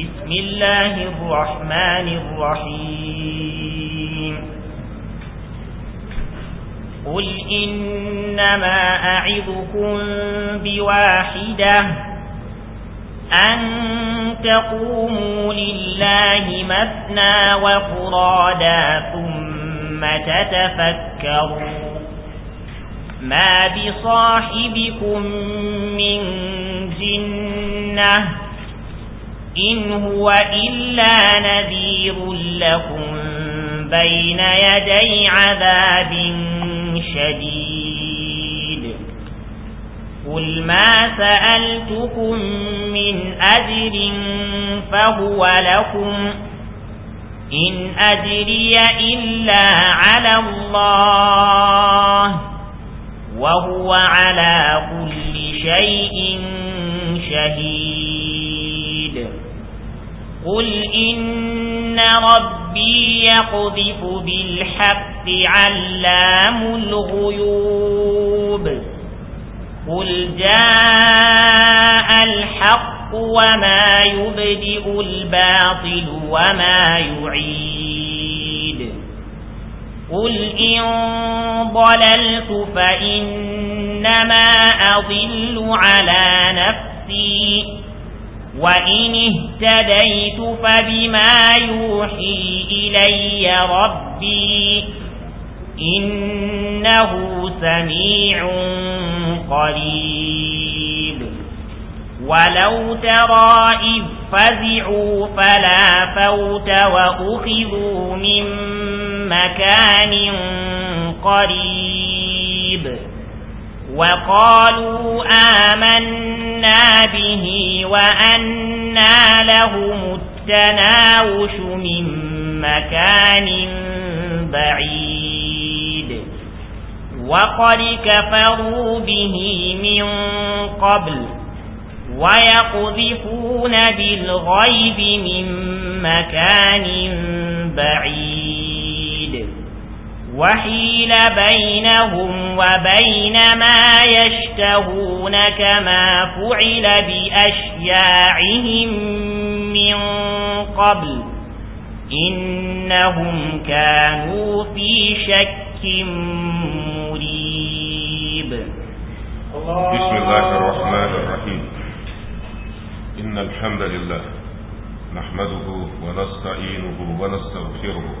بسم الله الرحمن الرحيم قل إنما أعظكم بواحدة أن تقوموا لله مثنى وفرادا ثم تتفكروا ما بصاحبكم من جنه إن هو إلا نذير لكم بين يدي عذاب شديد قل ما سألتكم من أجر فهو لكم إن أجري إلا على الله وهو على كل شيء شهيد قل إن ربي يقذف بالحق علام الغيوب قل جاء الحق وما يبدئ الباطل وما يعيد قل إن ضللت فإنما أضل على نفسي وإن اهتديت فبما يوحي إلي ربي إنه سميع قريب ولو ترى إذ فزعوا فلا فوت وأخذوا من مكان قريب وقالوا آمنا به وأنا لهم التناوش من مكان بعيد وقد كفروا به من قبل ويقذفون بالغيب من مكان بعيد وحيل بينهم وبين ما يشتهون كما فعل بأشياعهم من قبل إنهم كانوا في شك مريب بسم الله الرحمن الرحيم إن الحمد لله نحمده ونستعينه ونستغفره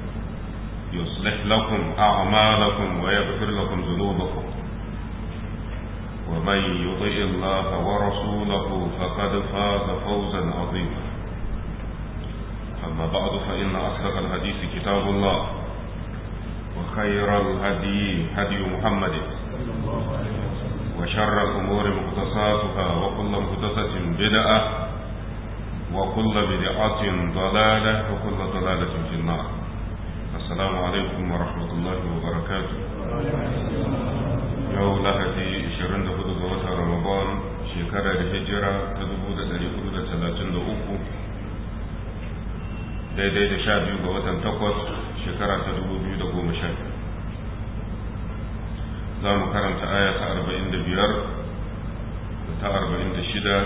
يصلح لكم أعمالكم ويغفر لكم ذنوبكم ومن يطع الله ورسوله فقد فاز فوزا عظيما أما بعد فإن أصدق الحديث كتاب الله وخير الهدي هدي محمد وشر الأمور مقتصاتها وكل مقتصة بدعة وكل بدعة ضلالة وكل ضلالة في النار السلام عليكم ورحمة الله وبركاته يوم لهدي شرند هدو دوات رمضان شكرا لهجرة تدبو دلي هدو تلاتين دوكو daidai da sha biyu ga watan takwas shekara ta dubu biyu da goma sha za mu karanta aya ta arba'in da biyar da ta arba'in da shida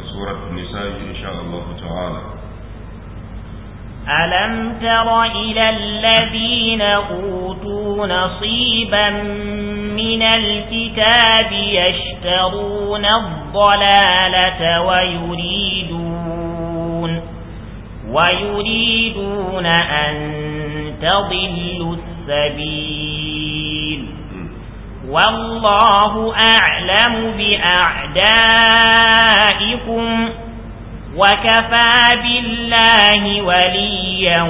a surat nisa'i insha Allah ta'ala ألم تر إلى الذين أوتوا نصيبا من الكتاب يشترون الضلالة ويريدون ويريدون أن تضلوا السبيل والله أعلم بأعدائكم وكفى بالله وليا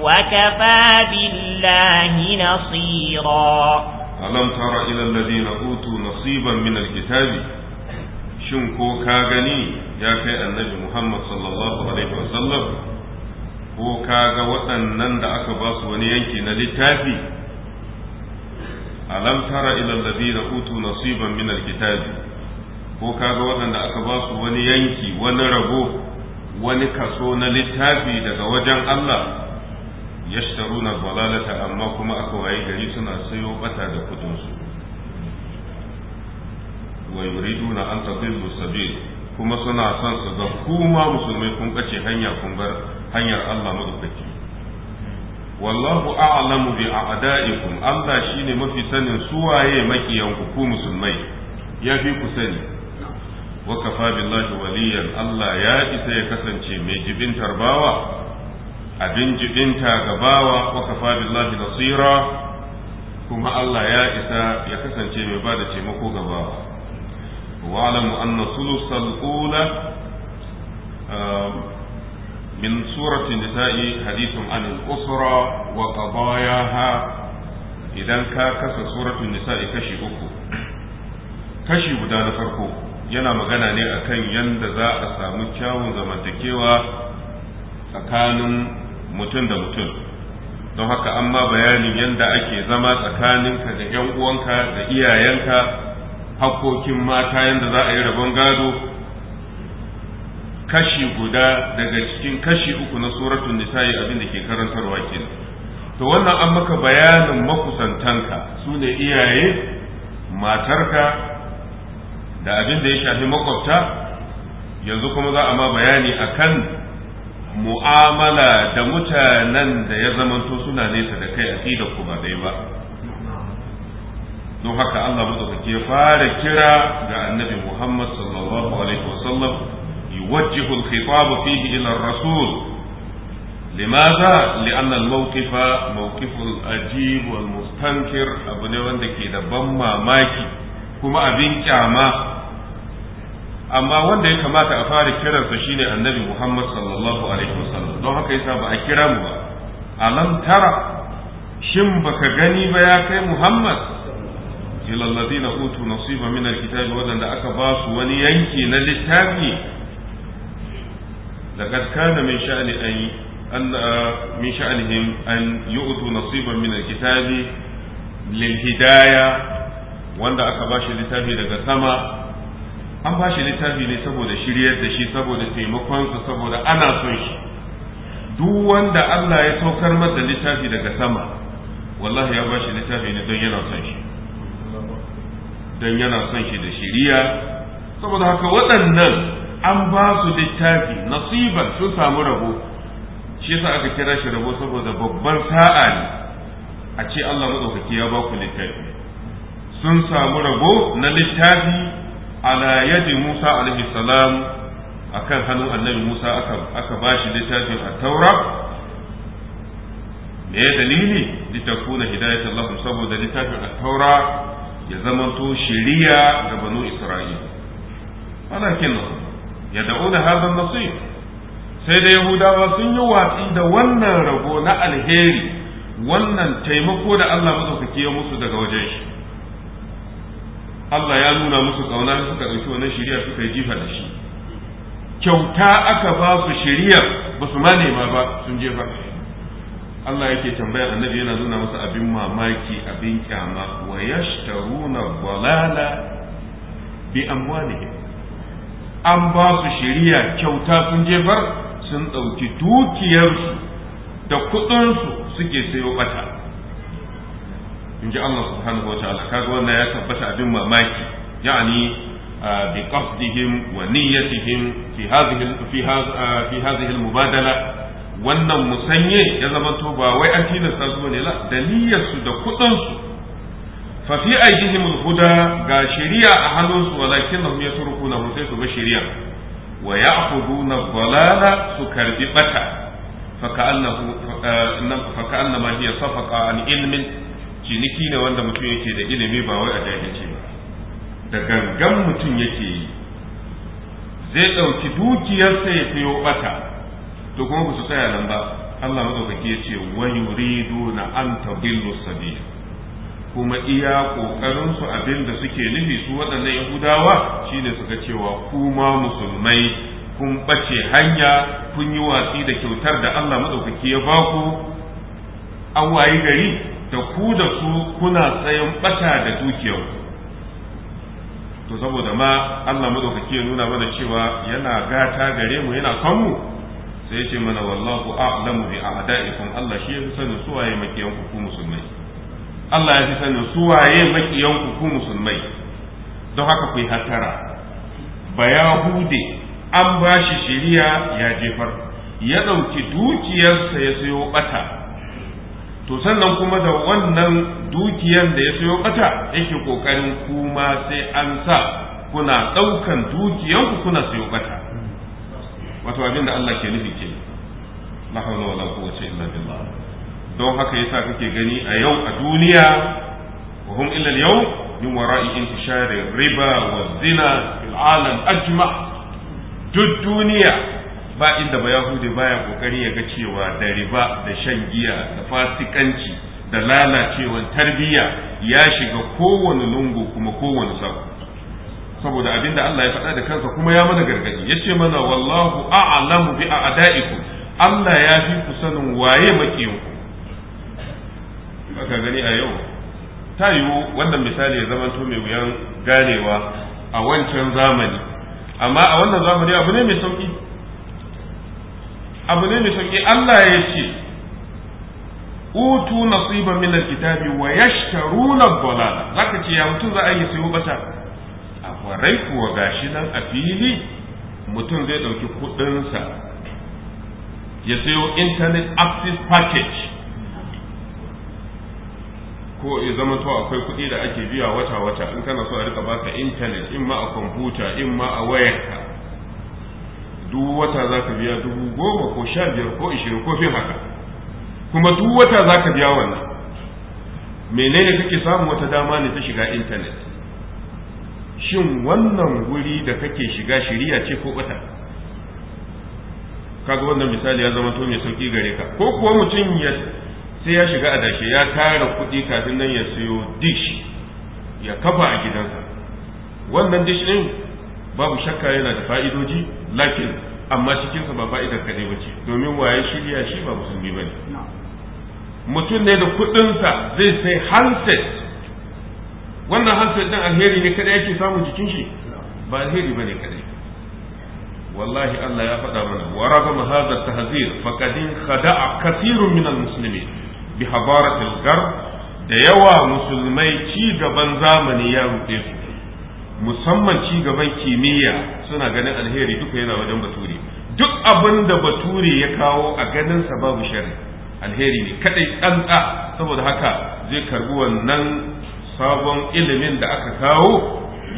وكفى بالله نصيرا ألم تر إلى الذين أوتوا نصيبا من الكتاب شنكو كاغني يا كي النبي محمد صلى الله عليه وسلم ko kaga waɗannan da aka ba su wani yanki na littafi alam tara ila alladhina utu nasiban min alkitabi ko ka ga waɗanda aka ba su wani yanki wani rabo wani kaso na littafi daga wajen Allah yashtaruna dalalata amma kuma aka waye gari suna sayo bata da kudin su wa yuriduna an tadillu sabil kuma suna son su ga kuma musulmai kun kace hanya kun bar hanyar Allah madaukaki wallahu a'lamu bi a'da'ikum Allah shine mafi sanin suwaye makiyan ku ku musulmai ya fi ku sani wa kafa billahi Allah ya isa ya kasance mai jibintar bawa abin jibinta ga bawa wa kafa nasira kuma Allah ya isa ya kasance mai ba da taimako ga bawa wa alamu anna sulusal um, nisa'i hadithun anil usra wa qadayaha idan ka kasa suratul nisa'i kashi uku kashi guda na farko yana magana ne a kan yadda za a samu kyawun zamantakewa tsakanin mutum da mutum don haka an bayanin yadda ake zama tsakaninka da 'yan uwanka da iyayenka hakkokin mata yadda za a yi rabon gado kashi guda daga cikin kashi uku na suratun nisa'i abin da ke karantarwa kenan to wannan an maka bayanin makusantanka su ne iyaye matarka da abin da ya shafi makwabta yanzu kuma za a ma bayani a kan mu'amala da mutanen da ya zamanto suna nesa da kai aqida ku ba dai ba don haka Allah madaukake ya fara kira ga annabi Muhammad sallallahu alaihi wasallam yuwajjihu al-khitab fihi ila ar-rasul لماذا؟ لأن الموقف موقف abu ne wanda ke da ban mamaki. kuma abin kyama amma wanda ya kamata a fara kiransa shine annabi Muhammad sallallahu alaihi wasallam don haka yasa ba a kira mu ba alam tara shin baka gani ba ya kai Muhammad ila alladhina utu nasiba min alkitabi wadanda aka ba su wani yanki na littafi laqad kana min sha'ani an an uh, min sha'nihim an yu'tu nasiban min lilhidayah wanda aka ba shi littafi daga sama an ba shi littafi ne saboda shiryar da shi saboda taimakonsa saboda ana son shi duk wanda Allah ya saukar masa littafi daga sama wallahi ya ba shi littafi ne don yana son shi don yana son shi da shiriya saboda haka waɗannan an ba su littafi nasiban sun samu rabo shi yasa aka kira shi rabo saboda babban sa'a ne a ce Allah madaukaki ya ba ku littafi sun samu rabo na littafi ala yadi Musa alaihi salam akan hannun annabi Musa aka aka bashi littafin at-Taura me dalili litakuna hidayat Allah saboda littafin at-Taura ya to shiriya ga banu Isra'ila walakin yad'una hadha an-nasib sai da Yahudawa sun yi watsi da wannan rabo na alheri wannan taimako da Allah mazaukake ya musu daga wajen shi Allah ya nuna musu kauna da suka ɗauki wannan shari'a suka yi jifa da shi kyauta aka ba su shari'a ba su ma nema ba sun jefa Allah yake tambaya annabi yana nuna musu abin mamaki abin kyama wa yashtaruna walala bi amwalihim an ba su shari'a kyauta sun jefar sun ɗauki dukiyarsu da kuɗinsu suke sayo bata in ji Allah subhanahu wa ta'ala kaga wannan ya tabbata abin mamaki ya'ani uh, bi qasdihim wa niyyatihim fi hadhihi fi uh, fi hadhihi al-mubadala wannan musanye ya zama ba wai an tilasta su ne la da kuɗinsu, su da kudin su fa fi aidihim al-huda ga shari'a a hannun su walakinnahum yatrukuna sai su ba shari'a wa ya'khuduna na dalala su karbi bata fa ka'annahu fa uh, ka'annama hiya safaqa an ilmin ciniki ne wanda mutum yake da ilimi ba wai a jahilci ba da gangan mutum yake yi zai ɗauki dukiyarsa ya fiyo bata to kuma ba su tsaya nan ba Allah madaukaki ya ce wa yuridu na an tabillu sabil kuma iya kokarin su abin suke nufi su waɗannan yahudawa shine suka cewa kuma musulmai kun bace hanya kun yi watsi da kyautar da Allah madaukaki ya baku an wayi gari da ku da su kuna tsayin bata da dukiyar to saboda ma Allah madaukake ya nuna mana cewa yana gata gare mu yana son sai ya ce mana wallahu a'lamu bi a'da'ikum Allah shi ya sanin suwaye makiyan ku musulmai Allah ya fi su waye makiyan ku musulmai don haka ku yi hatara hude. an ba shi shiriya ya jefar ya ɗauki dukiyarsa ya sayo bata to sannan kuma da wannan dukiyar da ya sayo bata yake kokarin kuma sai an sa kuna daukan dukiyanku kuna sayo bata wato abin da Allah ke nufi ke la hawla wala quwwata illa billah don haka yasa kake gani a yau a duniya wa hum illa al-yawm min wara'i intishari riba wa zina fil alam ajma' duk duniya ba inda ba yahudi baya kokari ya ga cewa da riba da shan giya da fasikanci da lalacewar tarbiyya ya shiga kowane lungu kuma kowane sako saboda abinda Allah ya faɗa da kansa kuma ya mana gargadi ce mana wallahu a'lamu bi a'da'ikum Allah ya fi ku sanin waye ku ka gani a yau ta yiwu wannan misali ya zama to mai wuyan ganewa a wancan zamani amma a wannan zamani abu ne mai sauki abu ne mai sauki Allah ya ce utu nasiban min alkitabi wa yashtaruna za zaka ce ya mutum za a yi sayo bata a kwarai kuwa gashi nan a fili mutum zai dauki kudinsa ya sayo internet access package ko ya zama to akwai kuɗi da ake biya wata-wata in kana so a rika baka intanet in ma a kwamfuta in ma a wayarka duk wata za ka biya dubu goma ko sha biyar ko ishirin ko fin haka kuma duk wata za ka biya wannan menene kake samun wata dama ne ta shiga intanet shin wannan wuri da kake shiga shiriya ce ko bata kaga wannan misali ya zama to mai sauki gare ka ko kuwa mutum ya sai ya shiga adashe ya tara kuɗi kafin nan ya siyo dish ya kafa a gidansa wannan dish din babu shakka yana da fa'idoji lakin amma cikinsa ba fa'idar kaɗai ba ce domin waye shirya shi ba musulmi ba mutum ne da kuɗinsa zai sai handset wannan hanset ɗin alheri ne kaɗai yake samun jikin shi ba alheri ba ne kaɗai wallahi Allah ya faɗa mana wa ragama hadha tahzir faqadin a kasirun min almuslimin bi hadaratil da yawa musulmai ci gaban zamani ya rufe su musamman ci gaban kimiyya suna ganin alheri duka yana wajen bature duk abin da bature ya kawo a ganin sa babu sharri alheri ne kadai tsantsa saboda haka zai karbi wannan sabon ilimin da aka kawo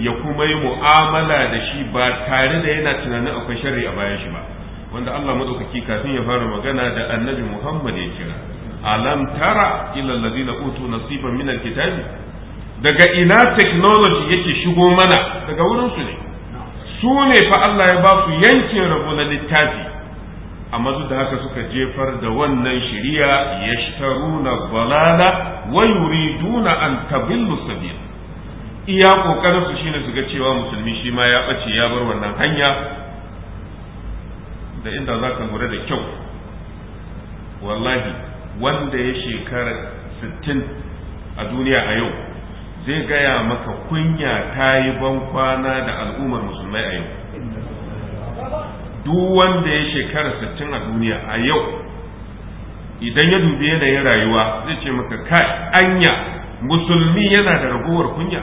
ya kuma yi mu'amala da shi ba tare da yana tunanin akwai sharri a bayan shi ba wanda Allah madaukaki kafin ya fara magana da annabi Muhammad ya kira alam tara ila alladhina utu nasiban min alkitabi daga ina technology yake shigo mana daga wurinsu ne su ne fa Allah ya ba su yankin rabo na littafi amma su da haka suka jefar da wannan shiriya na balala wa yuriduna an tabillu sabil iya kokarin su shine su ga cewa musulmi shi ma ya bace ya bar wannan hanya da inda za ka lura da kyau wallahi wanda ya shekara 60 a duniya a yau zai gaya maka kunya ta yi bankwana da al'ummar musulmai a yau duk wanda ya shekara 60 a duniya a yau idan ya dubi yanayin rayuwa zai ce maka kai anya musulmi yana da ragowar kunya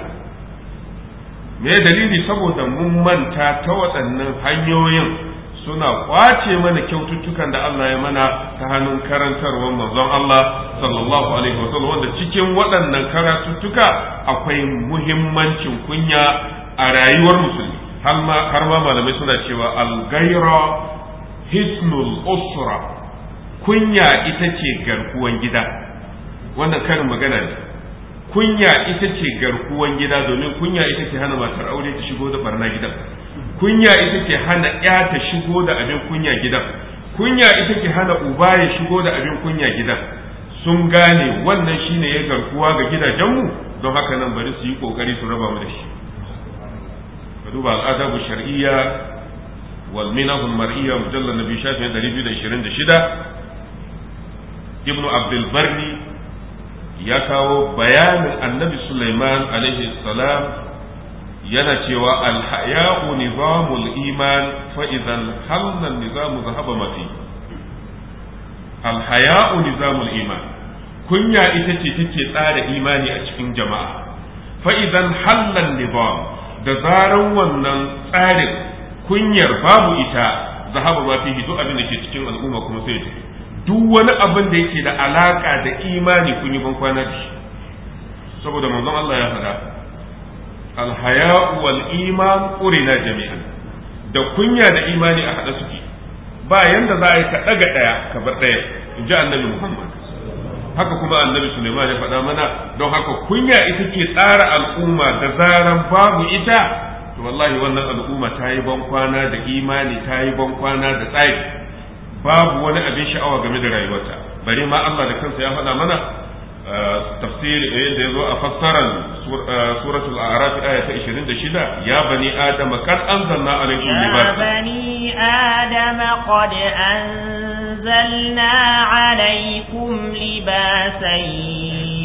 me dalili saboda mun manta ta waɗannan hanyoyin suna kwace mana kyaututtukan da Allah ya mana ta hannun karantarwar manzon Allah sallallahu alaihi wanda cikin waɗannan karatuttuka akwai muhimmancin kunya a rayuwar musulmi har ma malamai suna cewa al algaira hisnul usra kunya ita ce garkuwan gida wannan karin magana ne kunya ita ce garkuwan gida domin kunya ita ce hana matar aure ta shigo da barna gidan kunya ita ke hana ya ta shigo da abin kunya gidan kunya ita ke hana uba ya shigo da abin kunya gidan sun gane wannan shine ya garkuwa ga gidajenmu don haka nan bari su yi kokari su raba mu da shi ka duba al'adabu shar'iyya wal minahul mar'iyya mujallal nabi shafi 226 ibnu abdul barri ya kawo bayanin annabi sulaiman alaihi salam yana cewa alhaya'u nizamul iman fa idan halna nizamu zahaba mafi alhaya'u nizamul iman kunya ita ce take tsara imani a cikin jama'a fa idan hallan nizam da zaran wannan tsarin kunyar babu ita zahaba mafi duk abin da ke cikin al'umma kuma sai duk wani abin da yake da alaka da imani kun yi ban kwana da shi saboda manzon Allah ya faɗa الحياء والإيمان iman جميعا jami'an da kunya da imani a hada suke ba yanda za a yi ka ɗaya daya ka bar daya in ji annabi Muhammad haka kuma annabi Suleiman ya faɗa mana don haka kunya ita ke tsara al'umma da zaran babu ita to wallahi wannan al'umma ta yi bankwana da imani ta yi bankwana da tsari babu wani abin sha'awa game da rayuwarta bari ma Allah da kansa ya faɗa mana eh, tafsir eh, da ya zo a fassarar سورة الأعراف آية 26 يا بني آدم قد أنزلنا عليكم لباسا يا بني آدم قد أنزلنا عليكم لباسا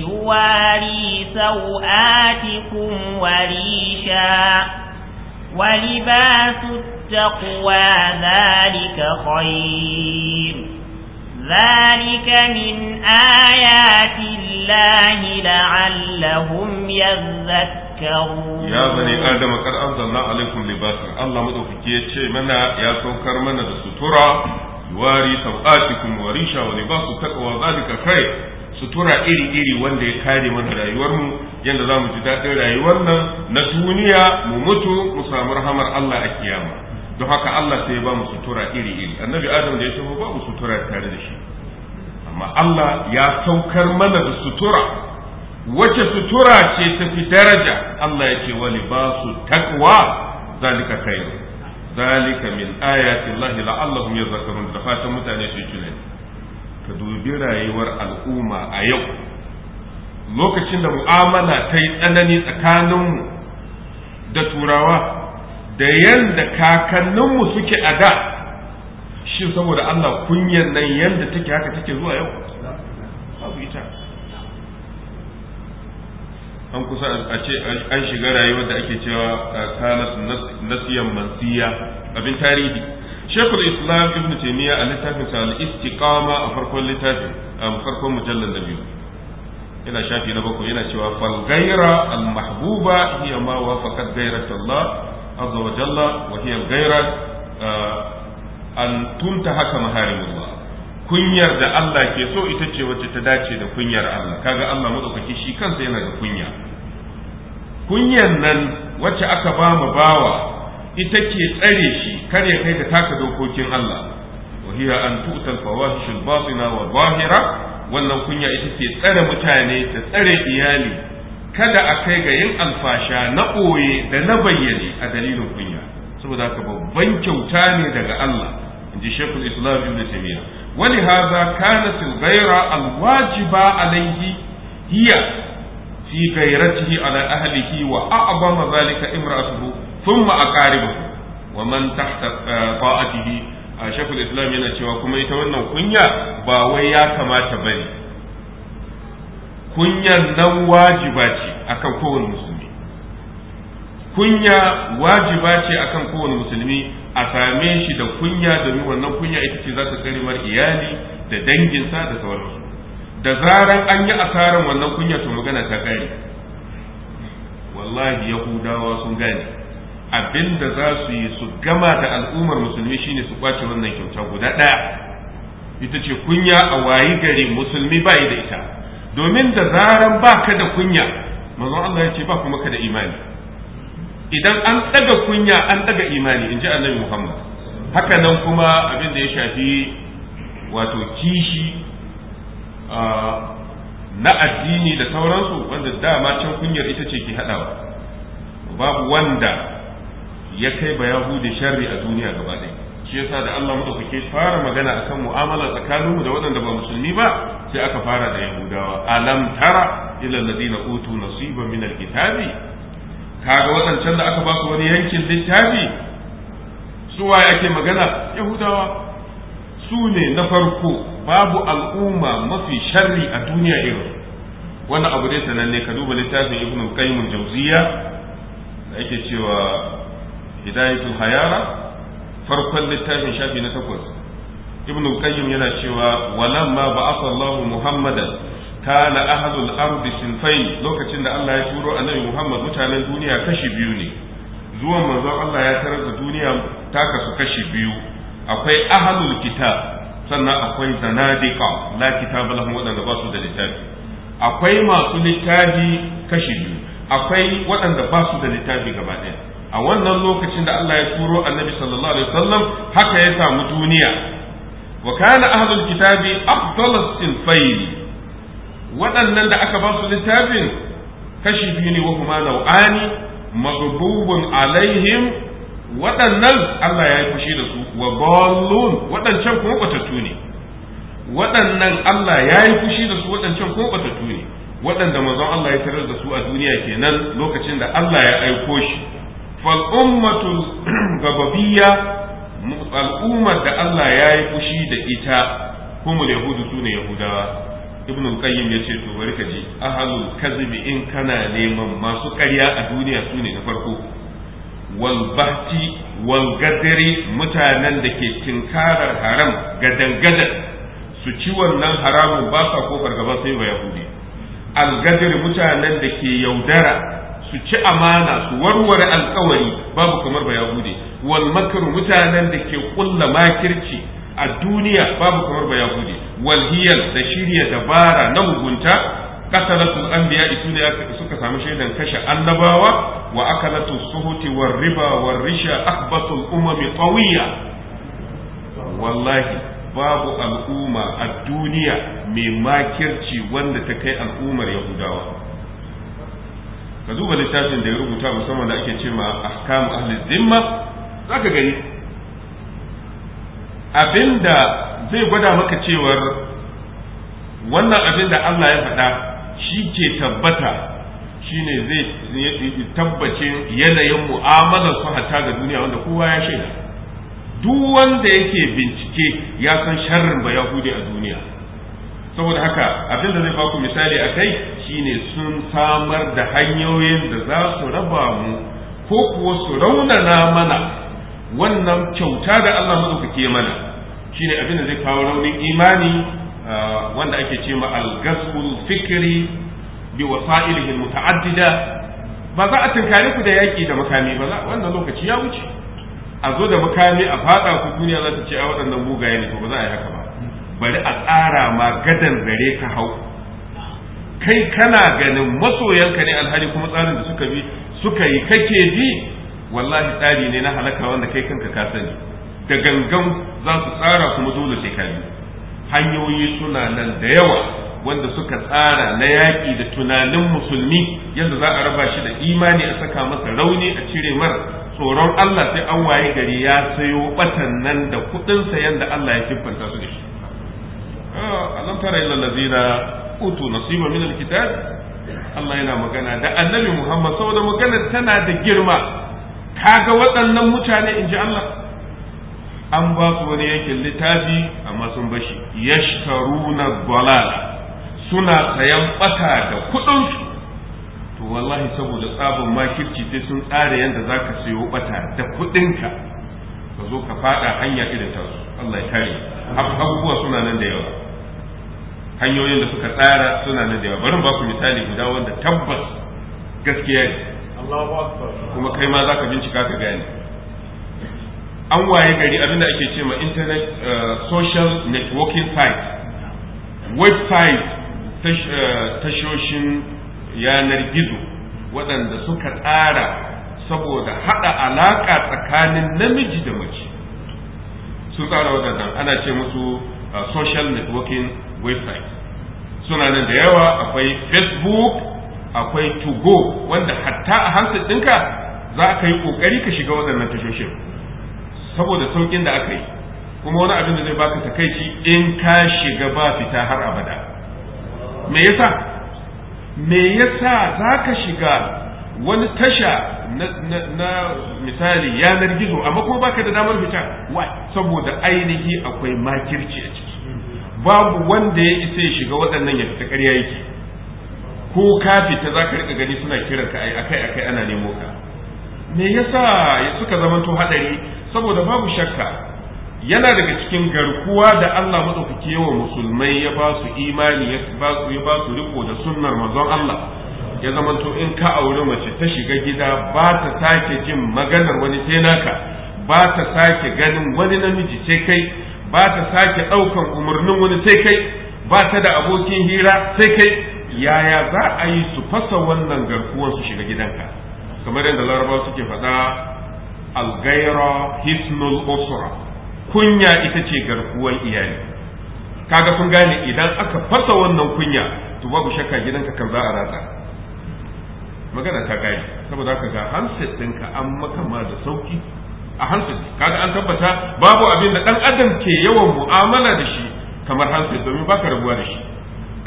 يواري سوآتكم وريشا ولباس التقوى ذلك خير ذلك من آيات الله لعلهم يذكرون يا بني آدم قد أنزلنا عليكم لباسا الله مدوكي يتشي منا يا سوكر منا بسطورة يواري سوآتكم وريشا ولباس تقوى ذلك خير sutura iri-iri wanda ya kare mana rayuwarmu yadda za mu ji daɗin rayuwar nan na duniya mu mutu mu samu rahamar Allah a kiyama don haka Allah sai ya ba mu sutura iri iri annabi adam da ya taho babu sutura tare da shi amma Allah ya saukar mana da sutura wace sutura ce ta fi daraja Allah ya ce wa libasu taqwa zalika khairu zalika min ayati Allah la'allahum yadhakkarun da fatan mutane su tuna ka dubi rayuwar al'umma a yau lokacin da mu'amala ta yi tsanani tsakaninmu da turawa da yanda kakanninmu suke a da shi saboda Allah kunyan nan yadda take haka take zuwa yau Abu ita an kusa a ce an shiga rayuwar da ake cewa kanat nasiyan mansiya abin tarihi shekul islam ibn taimiyya a littafin sa al-istiqama a farkon littafin a farkon mujallar da biyu yana shafi na bakwai yana cewa falgaira, almahbuba, al mahbuba hiya ma wafaqat ghairat Allah azza wa jalla wa hiya al-ghayrat an kunyar da Allah ke so ita ce wacce ta dace da kunyar Allah kaga Allah madaukaki shi kansa yana da kunya kunyan nan wacce aka ba mu bawa ita ke tsare shi kar ya kai da taka dokokin Allah wa hiya an tu'ta fawahish al-batina wa zahira wannan kunya ita ce tsare mutane ta tsare iyali kada a kai ga yin alfasha na ɓoye da na bayyane a dalilin kunya saboda haka babban kyauta ne daga Allah in ji shekul islam ibn taymiya wani haza kanat al gaira al-wajiba hiya fi ghairatihi ala ahlihi wa a'zama zalika imra'atuhu thumma aqaribuhu wa man tahta eh, ta'atihi shekul islam yana cewa kuma ita wannan kunya ba wai ya kamata bane kunyar nan wajiba ce akan kowane musulmi kunya wajiba ce akan kowane musulmi a same shi da kunya domin wannan kunya ita ce za ta karimar iyali da danginsa da sauransu da zaran an yi asaran wannan kunya to magana ta kare wallahi yahudawa sun gane abin da za su yi su gama da al'ummar musulmi shine su kwace wannan kyauta guda ɗaya ita ce kunya a wayi gari musulmi ba da ita domin da zaran baka da kunya manzon Allah ya ce ba kuma ka da imani idan an daga kunya an daga imani in ji annabi Muhammad haka nan kuma abin da ya shafi wato kishi na addini da sauransu wanda dama can kunyar ita ce ke haɗawa babu wanda ya kai ba yahudi sharri a duniya gaba ɗaya shi yasa da Allah madaukake fara magana akan mu'amala tsakaninmu da waɗanda ba musulmi ba sai aka fara da yahudawa alam tara ila alladina utu nasiban min alkitabi kaga waɗancan da aka ba su wani yankin littafi su waye ake magana yahudawa su ne na farko babu al'umma mafi sharri a duniya irin wannan abu dai sananne ka duba littafin ibnu qayyim jawziya da ake cewa hidayatul hayara farkon littafin shafi na takwas ibnu qayyim yana cewa ma ba asallahu Muhammadan kana ahlul ardi sinfai lokacin da Allah ya turo annabi Muhammad mutanen duniya kashi biyu ne zuwan manzon Allah ya tarar da duniya ta kasu kashi biyu akwai ahlul kitab sannan akwai zanadiqa la kitab lahum wadanda ba su da littafi akwai masu littafi kashi biyu akwai waɗanda ba su da littafi gaba ɗaya a wannan lokacin da Allah ya turo annabi sallallahu alaihi wasallam haka ya samu duniya wa kana ahlul kitabi afdalus sinfayn waɗannan da aka ba su littafin kashi biyu ne wa kuma nau'ani maghdubun alaihim waɗannan Allah ya yi fushi da su wa dallun waɗancan kuma batattu ne waɗannan Allah ya yi fushi da su waɗancan kuma batattu ne waɗanda manzon Allah ya tarar da su a duniya kenan lokacin da Allah ya aiko shi fal'ummatul al'ummar da Allah ya yi fushi da ita humul yahudu su ne yahudawa ibn al-qayyim ya ce to bari ka ji ahalul kazibi in kana neman masu ƙarya a duniya su ne na farko wal bahti wal gadari mutanen da ke tinkarar haram gadan gadan su ci wannan haramun ba sa kofar gaba sai ba yahudi al gadari mutanen da ke yaudara su ci amana su warware alkawari babu kamar bayahude wal makru mutanen da ke kulla makirci a duniya babu kamar bayahude wal hiyal da shirya dabara na mugunta kasalatu anbiya da suka samu shaidan kashe annabawa wa akalatu suhuti war riba war risha akbatul umami qawiyya wallahi babu al'umma a duniya mai makirci wanda ta kai al'ummar yahudawa ka duba littafin da ya rubuta musamman da ake ce ma ahkamu ahli zimma Za ka gani abinda zai gwada maka cewar wannan abin da Allah ya faɗa shi ke tabbata shi ne zai tabbacin yanayin mu'amalar su ga duniya wanda kowa ya shaida duk wanda yake bincike ya san sharrin ba yahudi a duniya saboda haka abinda zai baku misali a kai shine sun samar da hanyoyin da za su raba mu ko kuwa su raunana mana wannan kyauta da Allah ke mana shine abin da zai kawo raunin imani wanda ake ce ma al-gasbul fikri bi wasa'ilihi muta'addida ba za a tunkare ku da yaki da makami ba wannan lokaci ya wuce a zo da makami a fada ku duniya za ta ce a waɗannan mugaye ne ba za a yi haka ba bari a tsara ma gadan gare ka hau kai kana ganin masoyanka ne alhali kuma tsarin da suka bi suka yi kake bi wallahi tsari ne na halaka wanda kai kanka ka sani da gangan za su tsara kuma dole sai ka bi hanyoyi suna nan da yawa wanda suka tsara na yaƙi da tunanin musulmi yadda za a raba shi da imani a saka masa rauni a cire mara tsoron Allah sai an waye gari ya sayo batan nan da kuɗinsa yadda Allah ya kifanta su da shi. Ah, alam tara ila lazina utu nasiba min alkitab Allah yana magana da annabi Muhammad saboda magana tana da girma kaga waɗannan mutane in ji Allah an ba su wani yankin littafi amma sun bashi yashtaruna dalala suna sayan bata da kuɗin su to wallahi saboda tsabin makirci sai sun tsara yadda za ka sayo bata da kuɗinka ka zo ka faɗa hanya irin ta, Allah ya kare abubuwa suna nan da yawa hanyoyin da suka tsara suna na da yawa bari ba ku misali guda wanda tabbas gaskiya ne kuma kai ma zaka bincika ka gane an waye gari abinda ake ce ma internet uh, social networking site website uh, tashoshin yanar gizo waɗanda suka tsara saboda haɗa alaƙa tsakanin namiji da mace su tsara waɗannan ana ce musu uh, social networking website suna nan da yawa akwai facebook akwai to go wanda hatta a hansu ɗinka za ka yi ƙoƙari ka shiga waɗannan tashoshin saboda sauƙin da aka yi kuma wani abin da zai baka takaici in ka shiga ba fita har abada me yasa me yasa za ka shiga wani tasha na, misali yanar gizo amma kuma baka da damar fita saboda ainihi akwai makirci a ciki babu wanda ya isa ya shiga waɗannan ya fita ƙarya yake ko ka fita za ka riƙa gani suna kiran ka akai akai ana nemo ka me yasa suka zamanto haɗari saboda babu shakka yana daga cikin garkuwa da Allah madaukake yawa musulmai ya ba su imani ya ba su ya ba su riko da sunnar manzon Allah ya zamanto in ka aure mace ta shiga gida ba ta sake jin maganar wani sai naka ba ta sake ganin wani namiji sai kai ba ta sake ɗaukan umarnin wani sai kai ba ta da abokin hira sai kai yaya za a yi su fasa wannan garkuwar su shiga gidanka kamar yadda Laraba suke faɗa algaira hisnul usra kunya ita ce garkuwar iyali kaga sun gane idan aka fasa wannan kunya to babu shakka gidanka kan za a ratsa magana ta gani saboda ka ga hanset ɗinka an makama da sauki a hankali kaga an tabbata babu abin da dan adam ke yawan mu'amala da shi kamar hankali domin baka rabuwa da shi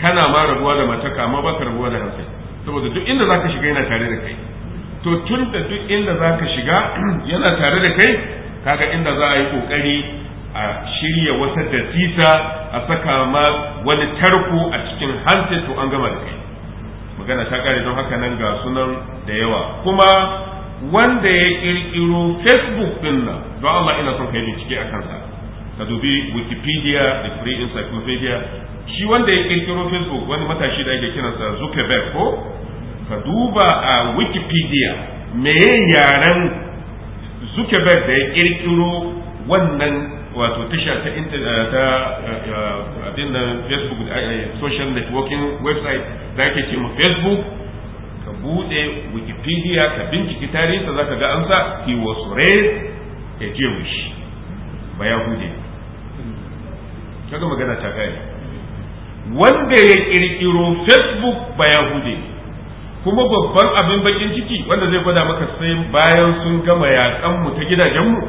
kana ma rabuwa da mata amma baka rabuwa da hankali saboda duk inda zaka shiga yana tare da kai to tun da duk inda zaka shiga yana tare da kai kaga inda za a yi kokari a shirya wata dasisa a saka ma wani tarko a cikin hankali to an gama da kai magana ta kare don haka nan ga sunan da yawa kuma wanda ya kirkiro facebook din nan don Allah ina son kai bincike a kansa ka dubi wikipedia da free encyclopedia shi wanda ya kirkiro facebook wani matashi da ake kiransa zuckerberg ko ka duba a wikipedia me yaren zuckerberg da ya kirkiro wannan wato tasha ta eh, ta da eh, eh, facebook social networking website da ake ce facebook bude wikipedia ka binciki tarihinsa zaka ga an sa he was raised a jewish ba hude kaga magana ta kai wanda ya kirkiro facebook ba hude, kuma babban abin bakin ciki wanda zai gwada maka sai bayan sun gama yakan mu ta gidajenmu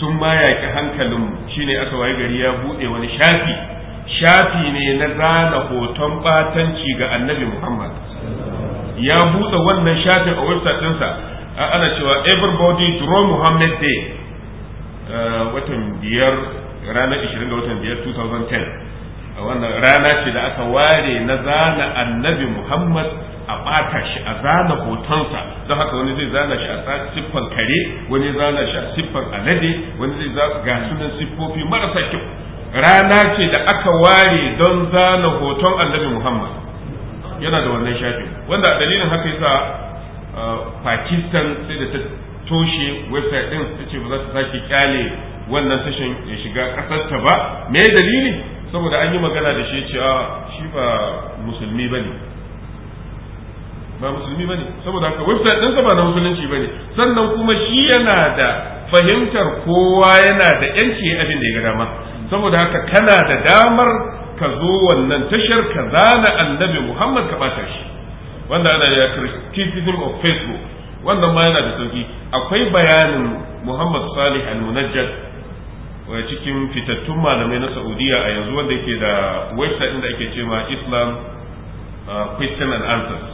sun ma yaƙi hankalinmu shine aka waye gari ya buɗe wani shafi shafi ne na zana hoton batanci ga annabi muhammad ya buɗe wannan shafin a website ɗinsa ana cewa everybody draw muhammad day uh, watan biyar ranar ishirin ga watan biyar 2010 wannan rana ce da aka ware na zana annabi muhammad a ɓata shi a zana hotonsa don haka wani zai zana shi a siffan kare wani zana shi a siffan alade wani zai gasu ga sunan siffofi marasa kyau rana ce da aka ware don zana hoton annabi muhammad yana da wannan shafin wanda dalilin haka yasa uh, Pakistan sai da ta toshe website din ta ce ba za ta sake kyale wannan tashin ya shiga kasarta ba me dalili saboda an yi magana da shi cewa ah, shi ba musulmi bane ba musulmi bane saboda haka website din sa ba na musulunci bane sannan kuma shi yana da fahimtar kowa yana da yanci abin da ya ga dama saboda haka kana da damar ka zo wannan tashar ka zana annabi Muhammad ka bata shi wanda ana ya criticism of facebook wannan ma yana da sauki akwai bayanin muhammad salih al-munajjad wa cikin fitattun malamai na saudiya a yanzu wanda yake da website inda ake cewa islam uh, question and answers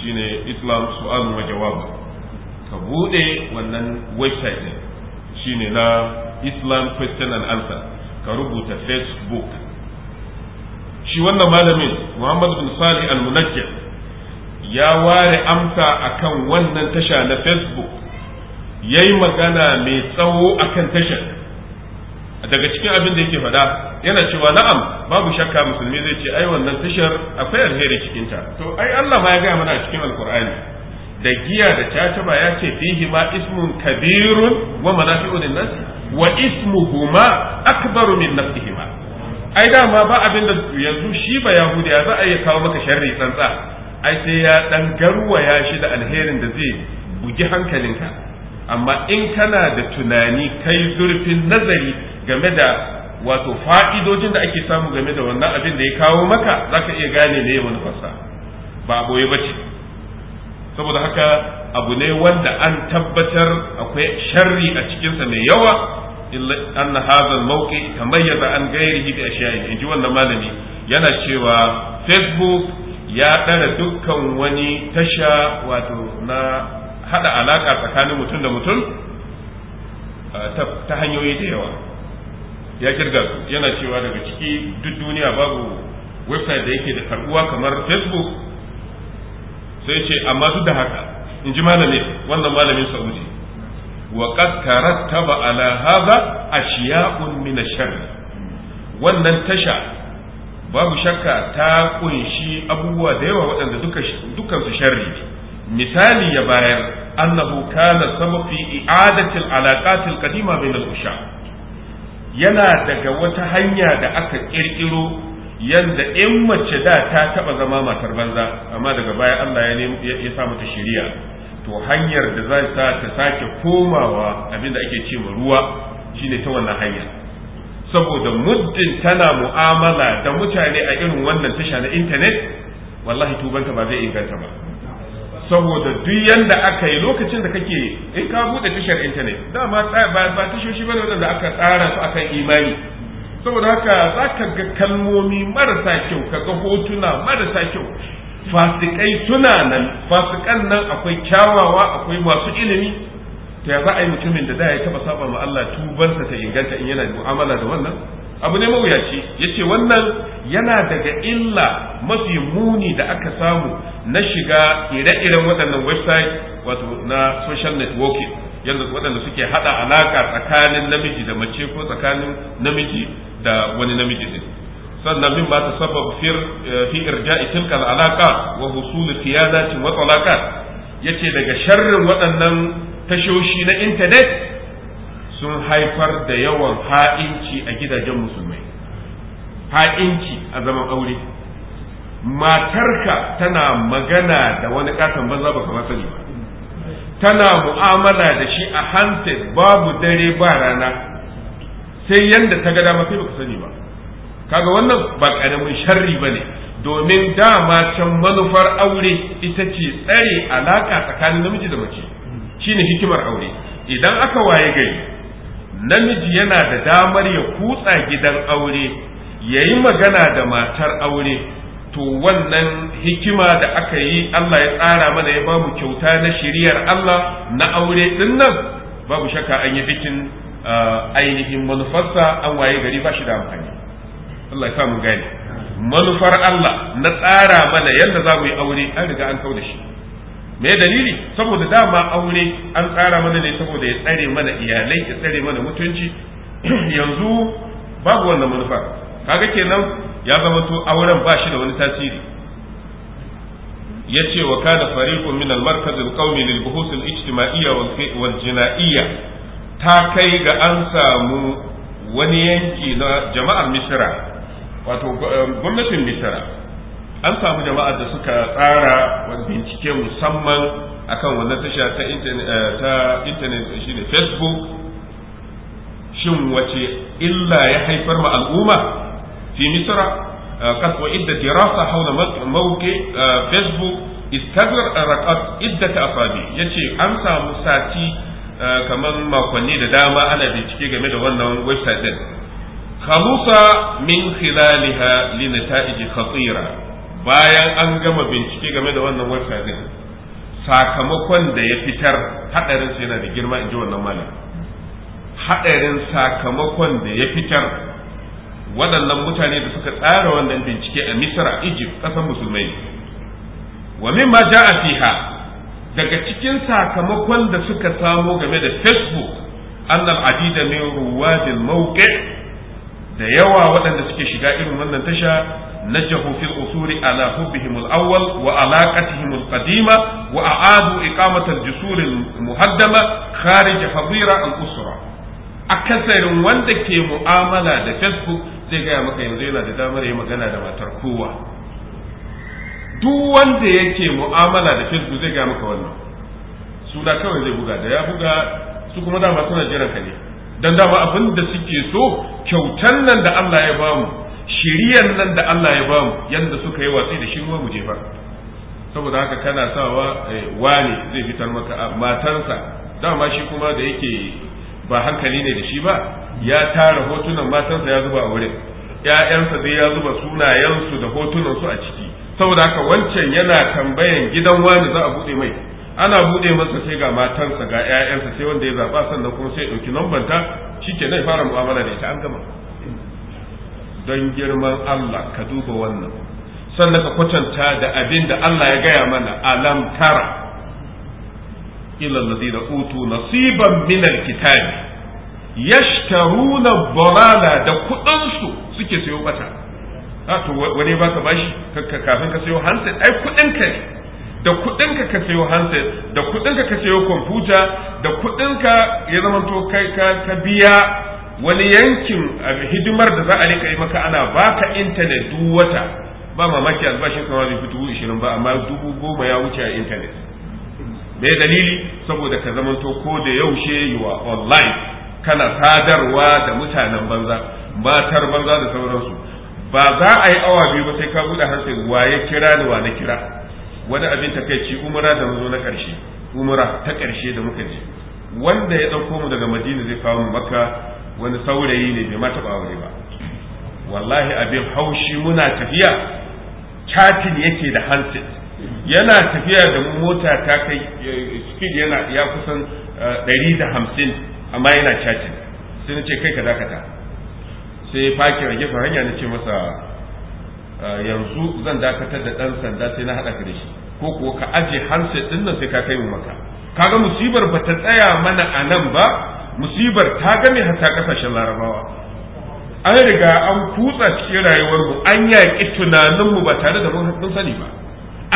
shine islam su'alu wa jawab ka bude wannan website shine na islam question and answer ka rubuta facebook shi wannan malamin muhammad bin salih al-munajjad ya ware amsa akan wannan tasha na facebook ya yi magana mai tsawo akan tashar daga cikin abin da yake fada yana cewa na'am babu shakka musulmi zai ce ai wannan tashar akwai alheri cikinta to ai Allah ma ya gaya mana a cikin alkur'ani da giya da cataba ya ce fihi ma ismun kabirun wa manafi'u lin-nas wa ismuhuma akbaru min nafsihima ai dama ba abin da yanzu shi ba yahudiya za a iya kawo maka sharri tsantsa ai sai ya dan garwaya shi da alherin da zai bugi hankalinka amma in kana da tunani kai zurfin nazari game da wato fa'idojin da ake samu game da wannan abin da ya kawo maka zaka iya gane ne wani fasa ba boye bace saboda haka abu ne wanda an tabbatar akwai sharri a cikinsa mai yawa illa anna hadha al-mawqi tamayyaza an ghayrihi bi in inji wannan malami yana cewa facebook ya ɗara dukkan wani tasha wato na haɗa alaƙa tsakanin mutum da mutum ta hanyoyi da yawa ya kirga su yana cewa daga ciki duk duniya babu website da yake da karbuwa kamar facebook sai ce amma duk da haka in ji malami wannan malamin saudi wa qad tarattaba ala hadha ashiya'un min ash wannan tasha babu shakka ta kunshi abubuwa da yawa waɗanda dukan su sharri misali ya bayar annahu kana sabab fi i'adatil alaqatil qadima bainal usha yana daga wata hanya da aka kirkiro yanda in mace da ta taba zama matar banza amma daga baya Allah ya ya sa mata shari'a to hanyar da za ta sake komawa abinda ake cewa ruwa shine ta wannan hanya saboda muddin tana mu'amala da mutane a irin wannan tasha na intanet wallahi tubanta ba zai inganta ba saboda duk yanda aka yi lokacin da kake in ka bude tashar intanet dama ba tashoshi bane wanda aka tsara su akan imani saboda haka zaka ga kalmomi marasa kyau ka ga hotuna marasa kyau fasikai suna nan fasikan nan akwai kyawawa akwai masu ilimi to ya za a yi mutumin da da ya taba saba ma Allah tubansa ta inganta in yana mu'amala da wannan abu ne mawuyaci yace wannan yana daga illa mafi muni da aka samu na shiga ire-iren waɗannan website wato na social networking yadda waɗanda suke haɗa alaƙa tsakanin namiji da mace ko tsakanin namiji da wani namiji ne sannan min ba ta sabab eh, fi irja'i alaƙa wa husul qiyadatin wa talaqat yace daga sharrin waɗannan tashoshi na intanet sun haifar da yawan ha'inci a gidajen musulmai ha'inci a zaman aure matarka tana magana da wani katon banza ba kamar sani ba tana mu'amala da shi a hanset babu dare ba rana sai yadda ta ga dama sai ka sani ba kaga wannan ba karamin sharri ne. domin dama can manufar aure ita ce tsare alaka tsakanin namiji da mace shine hikimar aure idan aka waye gari namiji yana da damar ya kutsa gidan aure ya yi magana da matar aure to wannan hikima da aka yi Allah ya tsara mana ya mu kyauta na shiriyar Allah na aure din nan babu shakka an yi bikin ah, ainihin manufarsa an waye gari ba shi da amfani Allah ya sa mu gane manufar Allah na tsara mana yadda za mu yi aure an riga an kau shi me dalili saboda dama aure an tsara mana ne saboda ya tsare mana iyalai ya tsare mana mutunci yanzu babu wannan manufa kaga kenan ya zama to auren ba shi da wani tasiri yace wa kada fariqun min al-markaz al-qawmi lil buhus al-ijtima'iyya wal jina'iyya ta kai ga an samu wani yanki na jama'ar misra wato eh, gwamnatin misra an samu jama'ar da suka tsara wani bincike musamman akan wannan tasha ta intanet eh, shi ne facebook shin wace illa ya haifar ma al'umma fi misra قد وإدى دراسة حول موقع فيسبوك استغرقت عدة أصابع yace an samu sati eh, kamar makonni da dama ana bincike game da wannan website din khalusa min khilaliha li nata'ij khatira bayan an gama bincike game da wannan wasa din sakamakon da ya fitar hadarin sa yana da girma in ji wannan malam hadarin sakamakon da ya fitar waɗannan mutane da suka tsara wannan bincike a misra egypt ƙasar musulmai wa min ma ja'a fiha daga cikin sakamakon da suka samo game da facebook annal adida min ruwadil mawqi' da yawa waɗanda suke shiga irin wannan tasha نجحوا في الأصول على حبهم wa وعلاقتهم القديمة وأعادوا إقامة الجسور المهدمة خارج حظيرة الأسرة akasarin wanda ke mu'amala da facebook zai gaya maka yanzu yana da damar yi magana da matar duk wanda yake mu'amala da facebook zai gaya maka wannan su da kawai buga da ya buga su kuma dama suna jiran ka ne don dama abin da suke so kyautan nan da allah ya ba mu. Shiriyar nan da Allah ya bamu yadda suka yi watsi da shi ruwa mu jefa saboda haka kana sawa eh, wani zai fitar maka matarsa dama shi kuma da yake ba hankali ne da shi ba ya tara hotunan matarsa ya zuba a wurin ‘ya'yansa dai ya zuba sunayensu da hotunansu a ciki saboda haka wancan yana tambayan gidan wani za a buɗe mai ana buɗe masa sai ga matarsa ga ‘ya'yansa sai wanda ya zaɓa sannan kuma sai ɗauki lambanta shi ke nan fara mu'amala da ita an gama don girman Allah ka duba wannan sannan ka kwatanta da abin da Allah ya gaya mana alam tara ilal ladina utu nasiban min alkitab yashtaruna dalala da kuɗinsu suke sayo bata a ah, to wani baka bashi kafin ka sayo handset ai kudin ka da kuɗinka ka sayo handset da kuɗinka ka sayo kwamfuta da kuɗinka ya zama to kai ka biya wani yankin hidimar da za a rika yi maka ana baka intanet duk wata ba mamaki albashin kama bai fi dubu ishirin ba amma dubu goma ya wuce a intanet me dalili saboda ka zamanto ko da yaushe yiwa online kana sadarwa da mutanen banza matar banza da sauransu ba za a yi awa biyu ba sai ka buɗe harshen wa ya kira ni wa na kira wani abin ta takaici umra da mu zo na karshe ta karshe da muka ci. wanda ya ɗauko mu daga madina zai kawo mu makka wani saurayi ne bai mata aure ba wallahi abin haushi muna tafiya chatin yake da handset yana tafiya da mota ta kai speed yana ya kusan 150 eh, amma yana chatin sai na ce kai ka dakata sai fakin a gefen hanya na ce masa eh, yanzu zan dakatar da ɗan sanda sai na haɗa ka da shi ko kuwa ka aje handset ɗin nan sai ka kai mu maka kaga musibar ba ta tsaya mana a nan ba musibar ta gane hatta kasashen larabawa an riga an kutsa cikin mu an yaƙi tunaninmu ba tare da mun sani ba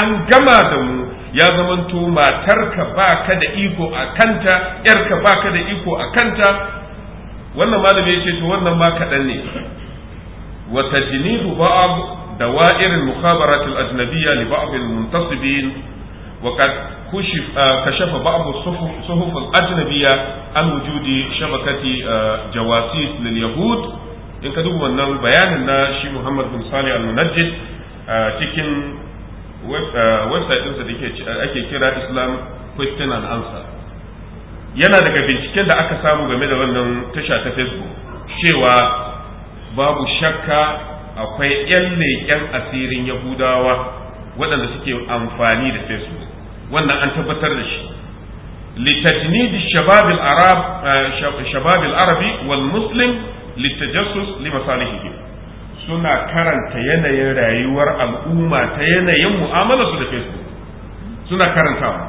an gama da mu ya zamanto matarka ba ka da iko a kanta yarka ba ka da iko a kanta wannan malami ya ce to wannan ma kaɗan ne wa jini ba'd dawa'ir al-mukhabarat al-ajnabiyya li ba'd al-muntasibin وقد كشف كشف بعض الصحف الأجنبية عن وجود شبكة جواسيس لليهود إن كدوب wannan bayanin na shi Muhammad bin al-Munajjid cikin website ɗinsa da ake kira Islam Question and Answer yana daga binciken da aka samu game da wannan tasha ta Facebook cewa babu shakka akwai 'yan leƙen asirin Yahudawa waɗanda suke amfani da Facebook wannan an tabbatar da shi لتجنيد الشباب العرب شباب العربي والمسلم للتجسس لمصالحهم suna karanta yanayin rayuwar al'umma ta yanayin mu'amalarsu da facebook suna karantawa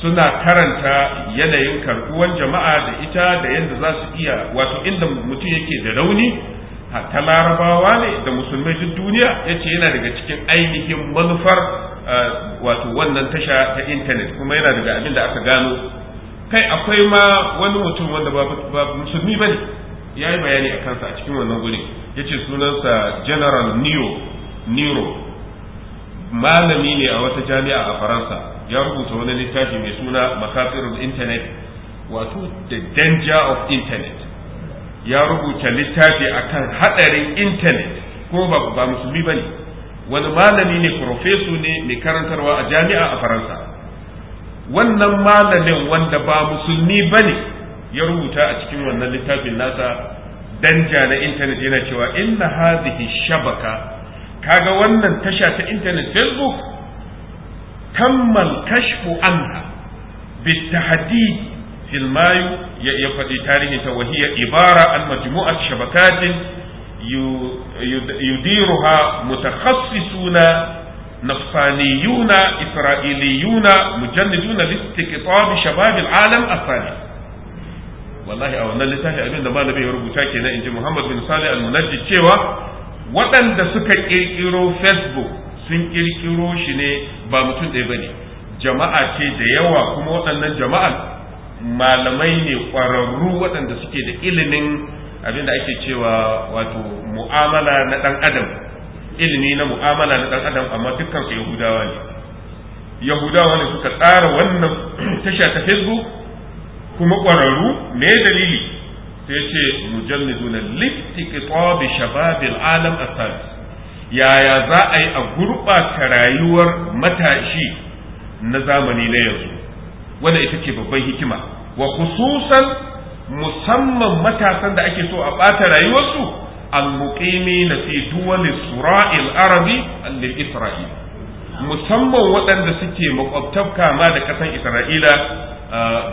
suna karanta yanayin karbuwan jama'a da ita da yadda za su iya wato inda mutum yake da rauni ta larabawa ne da musulmai duk duniya ya ce yana daga cikin ainihin manufar wato wannan tasha ta intanet kuma yana daga abin da aka gano kai akwai ma wani mutum wanda ba musulmi ba ne ya yi bayani a kansa a cikin wannan guri ya ce sunansa general neo nero malami ne a wata jami'a a faransa ya rubuta wani littafi mai suna makasirin internet wato the danger of internet ya rubuta littafi akan hadarin internet ko ba musulmi ba ne wani malami ne profeso ne mai karantarwa a jami'a a faransa wannan malamin wanda ba musulmi ba ne ya rubuta a cikin wannan littafin nasa danja na intanet yana cewa inna hadhihi shabaka kaga wannan tasha ta intanet facebook tammal kashfu anha بالتحديد في المايو يفدي تاريخ وهي عبارة عن مجموعة شبكات yudiruha suna nafaniyuna isra'iliyuna mujanniduna listiqtab shabab al'alam asali wallahi a wannan littafi abin da malami ya rubuta kenan inji Muhammad bin Salih al-Munajjid cewa waɗanda suka ƙirƙiro Facebook sun ƙirƙiro shi ne ba mutum ɗaya bane jama'a ce da yawa kuma waɗannan jama'a malamai ne ƙwararru waɗanda suke da ilimin Abin da ake cewa wato mu'amala na dan adam ilimi na mu'amala na ɗan adam amma dukkan su yahudawa ne yahudawa ne suka tsara wannan tasha ta facebook kuma ƙwararru me dalili sai ce mujalliduna liftiqtabi shababil alam asal yaya za a yi a gurɓata rayuwar matashi na zamani na yanzu Wanda ita ce babban hikima wa khususan musamman matasan da ake so a ɓata rayuwarsu al-muqimi na fi duwali sura'il arabi lil isra'il musamman waɗanda suke makwabtar kama da ƙasan isra'ila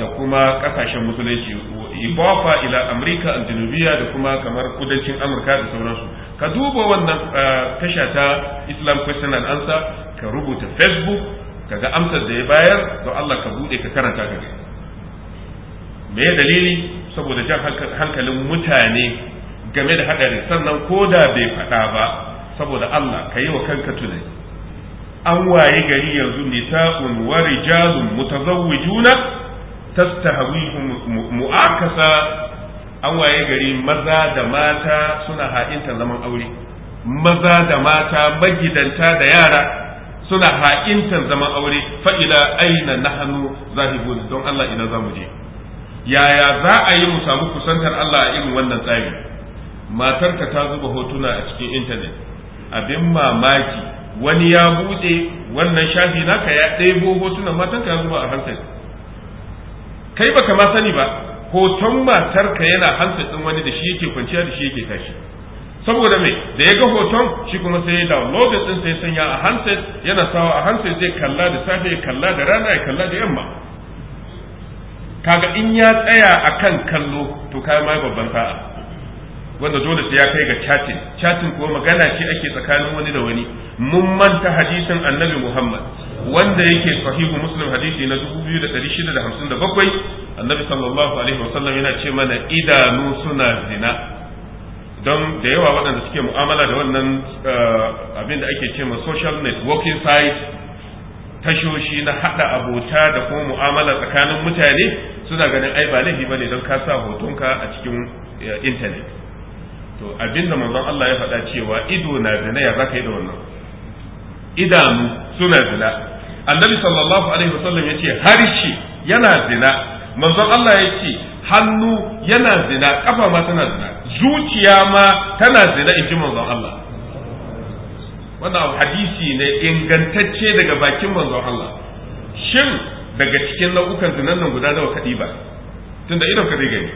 da kuma ƙasashen musulunci ibafa ila amurka aljanubiya da kuma kamar kudancin amurka da sauransu ka duba wannan tasha ta islam question and answer ka rubuta facebook ka ga amsar da ya bayar don allah ka buɗe ka karanta ka me dalili saboda jan hankalin mutane game da haɗari sannan ko da bai faɗa ba saboda Allah ka yi wa kanka tunani an waye gari yanzu nisa'un wa rijalun mutazawwijuna tastahwihum mu'akasa an waye gari maza da mata suna ha'inta zaman aure maza da mata magidanta da yara suna ha'intan zaman aure fa ila aina nahnu zahibun don Allah ina zamu je yaya za a yi mu samu kusantar Allah a irin wannan tsari matarka ta zuba hotuna a cikin intanet abin mamaki wani ya buɗe wannan shafi naka ya ɗebo hotunan matanka ya zuba a hansar kai baka ma sani ba hoton matarka yana hansar ɗin wani da shi yake kwanciya da shi yake tashi saboda mai da ya ga hoton shi kuma sai ya download din sai sanya a handset yana sawa a handset zai kalla da safe ya kalla da rana ya kalla da yamma kaga in ya tsaya akan kallo to kai mai babban sa'a wanda dole sai ya kai ga chatin chatin kuwa magana ce ake tsakanin wani da wani mun manta hadisin annabi Muhammad wanda yake sahihu muslim hadisi na 2657 annabi sallallahu alaihi wasallam yana ce mana idanu suna zina don da yawa waɗanda suke mu'amala da wannan eh, abin da ake ce ma social networking site tashoshi na haɗa abota da kuma mu'amala tsakanin mutane suna ganin ai ba laifi bane don ka sa hotonka a cikin eh, intanet to abinda manzon Allah ya faɗa cewa ido na zina ya zaka yi da wannan idanu suna zina annabi sallallahu alaihi wasallam yace harshe yana zina manzon Allah yace hannu yana zina kafa ma tana zina zuciya ma tana zina in ji manzon Allah wannan hadisi ne ingantacce daga bakin manzon Allah shin daga cikin nau'ukan zinan nan guda nawa kaɗi ba tunda idan ka zai gani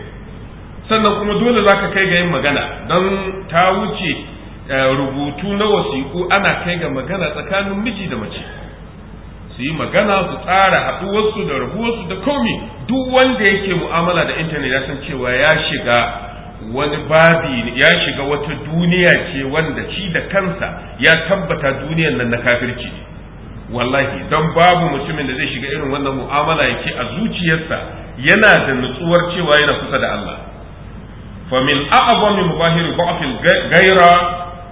sannan kuma dole za ka kai ga yin magana don ta wuce eh, rubutu na wasiƙu ana kai ga magana tsakanin miji da mace su yi magana su tsara haɗuwarsu da rabuwarsu da komi duk wanda yake mu'amala da intanet ya san cewa ya shiga wani babi ya shiga wata duniya ce wanda shi da kansa ya tabbata duniyar nan na kafirci ne wallahi don babu mutumin da zai shiga irin wannan mu'amala yake a zuciyarsa yana da nutsuwar cewa yana kusa da Allah fa min a'zami mubahiri al-ghayra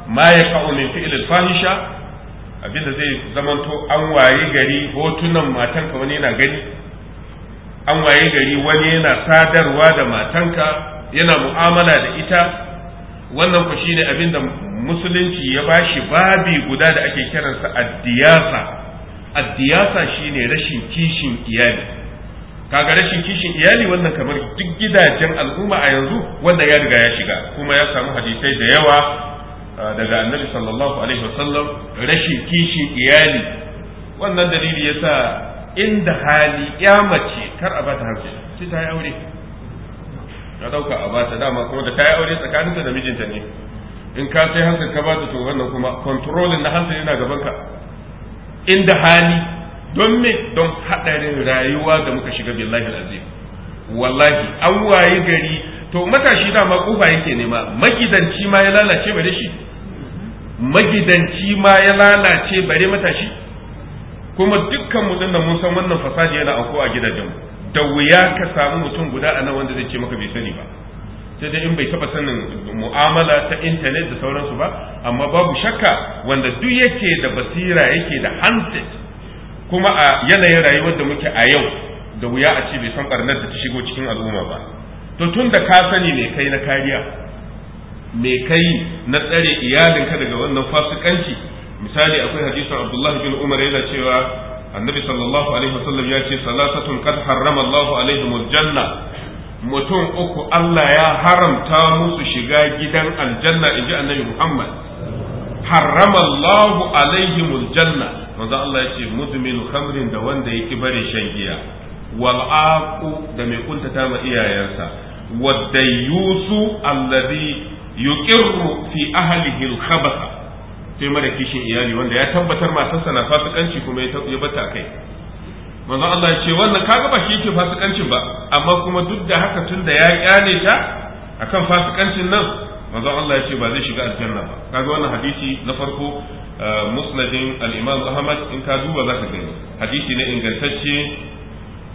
ma yaqa'u min fi'l al-fahisha abinda zai zamanto an waye gari hotunan matanka wani yana gani an waye gari wani yana sadarwa da matanka yana mu'amala da ita wannan ku shine abinda musulunci ya bashi babi guda da ake kiransa addiyasa addiyasa shine rashin kishin iyali kaga rashin kishin iyali wannan kamar duk gidajen al'umma a yanzu wanda ya riga ya shiga kuma ya samu hadisai da yawa daga annabi sallallahu alaihi wasallam rashin kishin iyali wannan dalili yasa inda hali ya mace kar a bata hanci sai ta yi aure ka dauka a bata dama kuma da ta yi aure tsakaninta da mijinta ne in ka sai hankali ka bata to wannan kuma controlling na hankali yana gaban ka inda hali don me don hadarin rayuwa da muka shiga billahi azim wallahi an waye gari to matashi dama kofa yake nema magidanci ma ya lalace bare shi magidanci ma ya lalace bare matashi kuma dukkan mu dinnan mun san wannan fasadi yana auko a gidajen da wuya ka samu mutum guda a nan wanda zai ce maka bai sani ba sai dai in bai taba sanin mu'amala ta intanet da sauransu ba amma babu shakka wanda duk yake da basira yake da handset kuma a yanayin rayuwar da muke a yau da wuya a ce bai san barnar da ta shigo cikin al'umma ba to tun da ka sani me kai na kariya me kai na tsare ka daga wannan fasikanci misali akwai hadisin abdullahi bin umar yana cewa annabi sallallahu alaihi wasallam ya ce salatatun qad harrama Allahu janna mutum uku Allah ya haramta musu shiga gidan aljanna inji annabi Muhammad harrama Allahu alaihimul janna manzo Allah yace ce mudminu khamrin da wanda yake bare shan giya wal aqu da mai kuntata ma iyayensa wadayyusu alladhi yuqirru fi ahlihi alkhabath sai mara kishin iyali wanda ya tabbatar matarsa na fasikanci kuma ya bata kai manzo Allah ya ce wannan kaga ba shi yake fasikancin ba amma kuma duk da haka tun da ya kyale ta akan fasikancin nan manzo Allah ya ce ba zai shiga aljanna ba kaga wannan hadisi na farko uh, musnadin al-Imam Ahmad in ka duba zaka gani hadisi ne ingantacce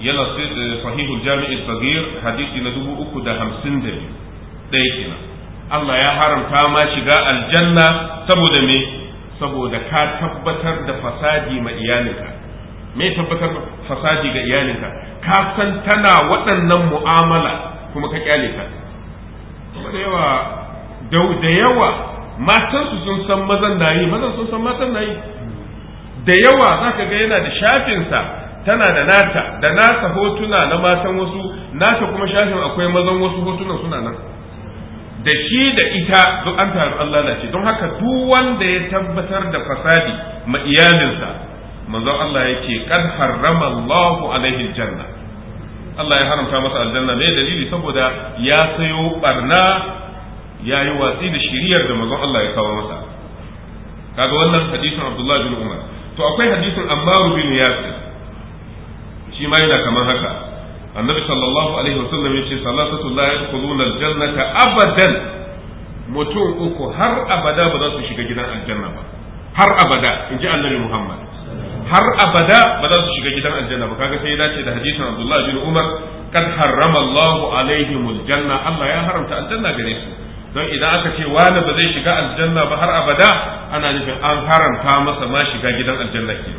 yana eh, sahihul jami'i sagir hadisi na dubu uku da hamsin da biyu ɗaya kenan Allah ya haramta ma shiga aljanna saboda me saboda ka tabbatar da fasadi ma iyalinka me tabbatar fasadi ga iyalinka ka san tana waɗannan mu'amala kuma ka kyale ta da yawa da yawa matan su sun san mazan na yi mazan sun san matan na yi da yawa za ka ga yana da shafinsa tana da nata da nasa hotuna na matan wasu nata kuma shafin akwai mazan wasu hotunan suna nan da shi da ita duk an taru Allah ce don haka duk wanda ya tabbatar da fasadi ma iyalinsa manzon Allah yake kad harrama Allahu alaihi janna Allah ya haramta masa aljanna me dalili saboda ya sayo barna ya yi watsi da shiriyar da manzon Allah ya kawo masa kaga wannan hadisin Abdullah bin Umar to akwai hadisin Ammar bin Yasir shi ma yana kamar haka annabi sallallahu alaihi wasallam yace salatu la yadkhuluna aljannata abadan mutum uku har abada ba za su shiga gidan aljanna ba har abada inji annabi Muhammad har abada ba za su shiga gidan aljanna ba kaga sai ya dace da hadisin Abdullah bin Umar kad harrama Allahu alaihimul janna Allah ya haramta aljanna gare su don idan aka ce wani ba zai shiga aljanna ba har abada ana nufin an haramta masa ma shiga gidan aljanna ke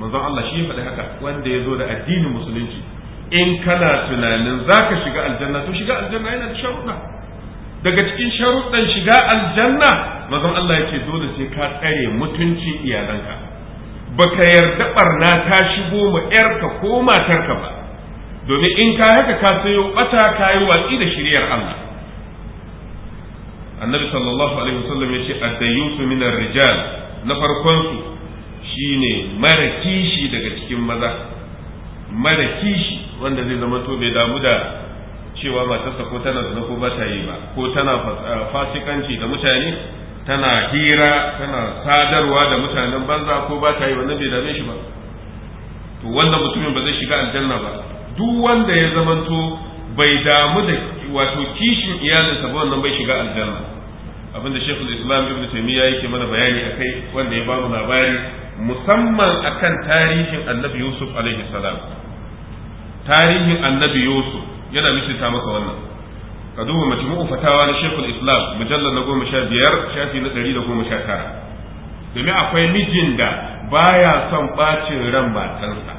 manzon Allah shi faɗi haka wanda ya zo da addinin musulunci in kana tunanin zaka shiga aljanna to shiga aljanna yana da sharuɗa daga cikin sharuɗan shiga aljanna manzon Allah ya ce dole sai ka tsare mutuncin iyalanka baka yarda barna ta shigo ma yarka ko matarka ba domin in ka haka ka sayo bata ka yi watsi da shiryar Allah annabi sallallahu alaihi wasallam ya ce addayusu min rijal na farkon su shine mara kishi daga cikin maza mara kishi wanda zai zama to bai damu da cewa matarsa ko tana zina ko ba ta yi ba ko tana fasikanci da mutane tana hira tana sadarwa da mutanen banza ko ba ta yi wannan bai dame shi ba to wannan mutumin ba zai shiga aljanna ba duk wanda ya zamanto bai damu da wato kishin iyalinsa ba wannan bai shiga aljanna Abin da shekul islam ibn taymiya yake mana bayani akai wanda ya bamu labari musamman akan tarihin annabi yusuf alaihi salam tarihin annabi yusuf yana misalta maka wannan ka duba majmu'u fatawa na shekul islam mujallar na goma sha biyar shafi na ɗari da goma sha tara domin akwai mijin da baya son ɓacin ran matarsa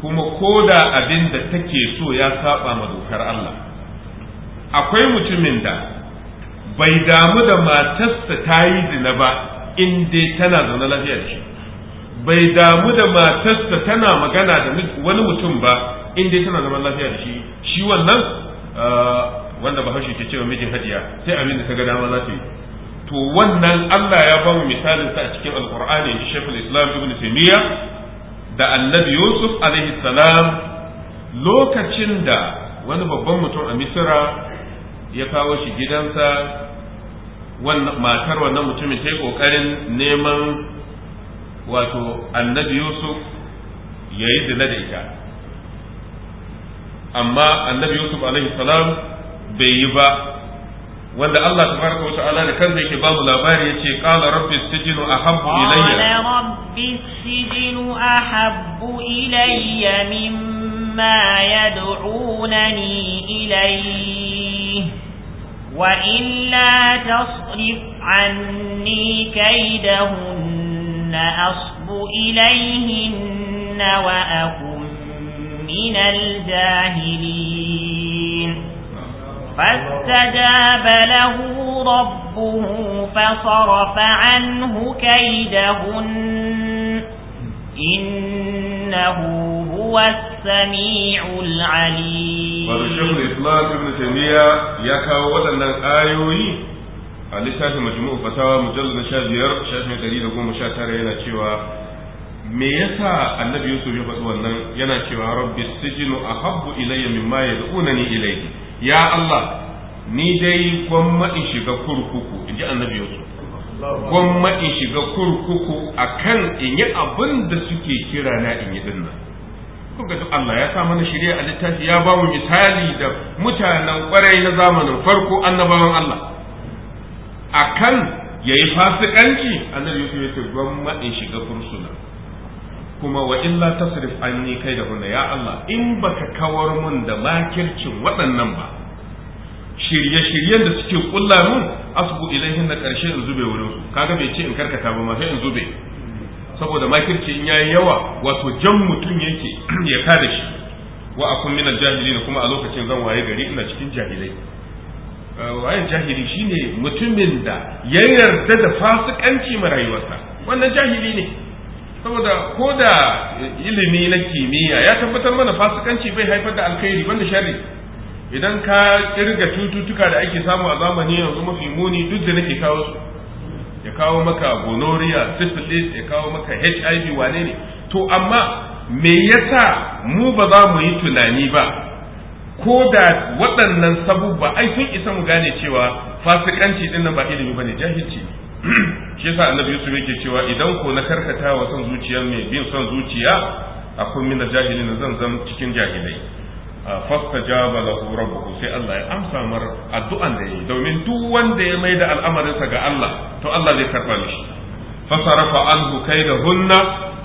kuma ko da abin da take so ya saba ma dokar Allah akwai mutumin da bai damu da matarsa ta yi zina ba in dai tana zaune lafiya da shi bai damu da matarsa tana magana da wani mutum ba in dai tana zaman lafiya da shi shi wannan wanda bahaushe ke cewa mijin hajiya sai abin da ta ga dama za ta yi to wannan Allah ya ba mu misalin sa a cikin alqur'ani shi shaykhul islam ibn taymiya da annabi yusuf alaihi salam lokacin da wani babban mutum a misira ya kawo shi gidansa wannan matar wannan mutumin ta yi kokarin neman wato annabi yusuf ya yi da ita amma annabi yusuf alaihi salam bai yi ba wanda Allah tabaraka wa ta'ala da kansa yake babu labari yace ƙala rabbi sijnu ahabbu ilayya qala rabbi sijnu ahabbu ilayya mimma ni ilayhi wa illa tasrif anni kaydahunna asbu ilayhinna wa akum min al-jahilin فاستجاب له ربه فصرف عنه كيدهن إنه هو السميع العليم فالشيخ الإسلام ابن تيمية يكاو ودنا آيوي لسان مجموع فتاوى مجلد شاذير شاذير دليل قوم شاتر هنا شوى me yasa annabi yusuf ya faɗi wannan yana cewa rabbi sijinu ahabbu ilayya mimma yad'unani ilayhi ya Allah ni dai gwamma in shiga kurkuku in ji annabi Yusuf gwamma in shiga kurkuku akan in yi abin da suke kira na in yi dinnan kuka duk Allah ya sa mana shirya a littafi ya ba mu misali da mutanen kwarai na zamanin farko annabawan Allah akan yi fasikanci annabi Yusuf ya ce gwamma in shiga fursuna kuma wa illa tasrif anni kai da hunna ya Allah in baka kawar mun da makircin waɗannan ba shirye-shiryen da suke kulla mun asbu ilaihin na karshe in zube wurin su kaga bai ce in karkata ba ma sai in zube saboda makirci in yayi yawa wato jan mutum yake ya kada shi wa akun min al kuma a lokacin zan waye gari ina cikin jahilai uh, wayan jahili shine mutumin da ya yarda da fasikanci ma rayuwarsa wannan jahili ne saboda ko da ilimi na kimiyya ya tabbatar mana fasikanci bai haifar da alkhairi banda sharri idan ka kirga cututtuka da ake samu a zamani yanzu mafi muni duk da nake kawo su ya kawo maka gonorrhea syphilis ya kawo maka HIV wane ne to amma me yasa mu ba za mu yi tunani ba ko da waɗannan sabubba ai sun isa mu gane cewa fasikanci din nan ba ilimi bane jahilci ne shi yasa annabi yusuf yake cewa idan ko na karkata wa son zuciyar mai bin son zuciya akwai mina jahilin zan zan cikin jahilai fasta jaba lahu rabbuhu sai Allah ya amsa mar addu'an da yayi domin duk wanda ya maida al'amarinsa ga Allah to Allah zai karba mishi fasarafa anhu hunna,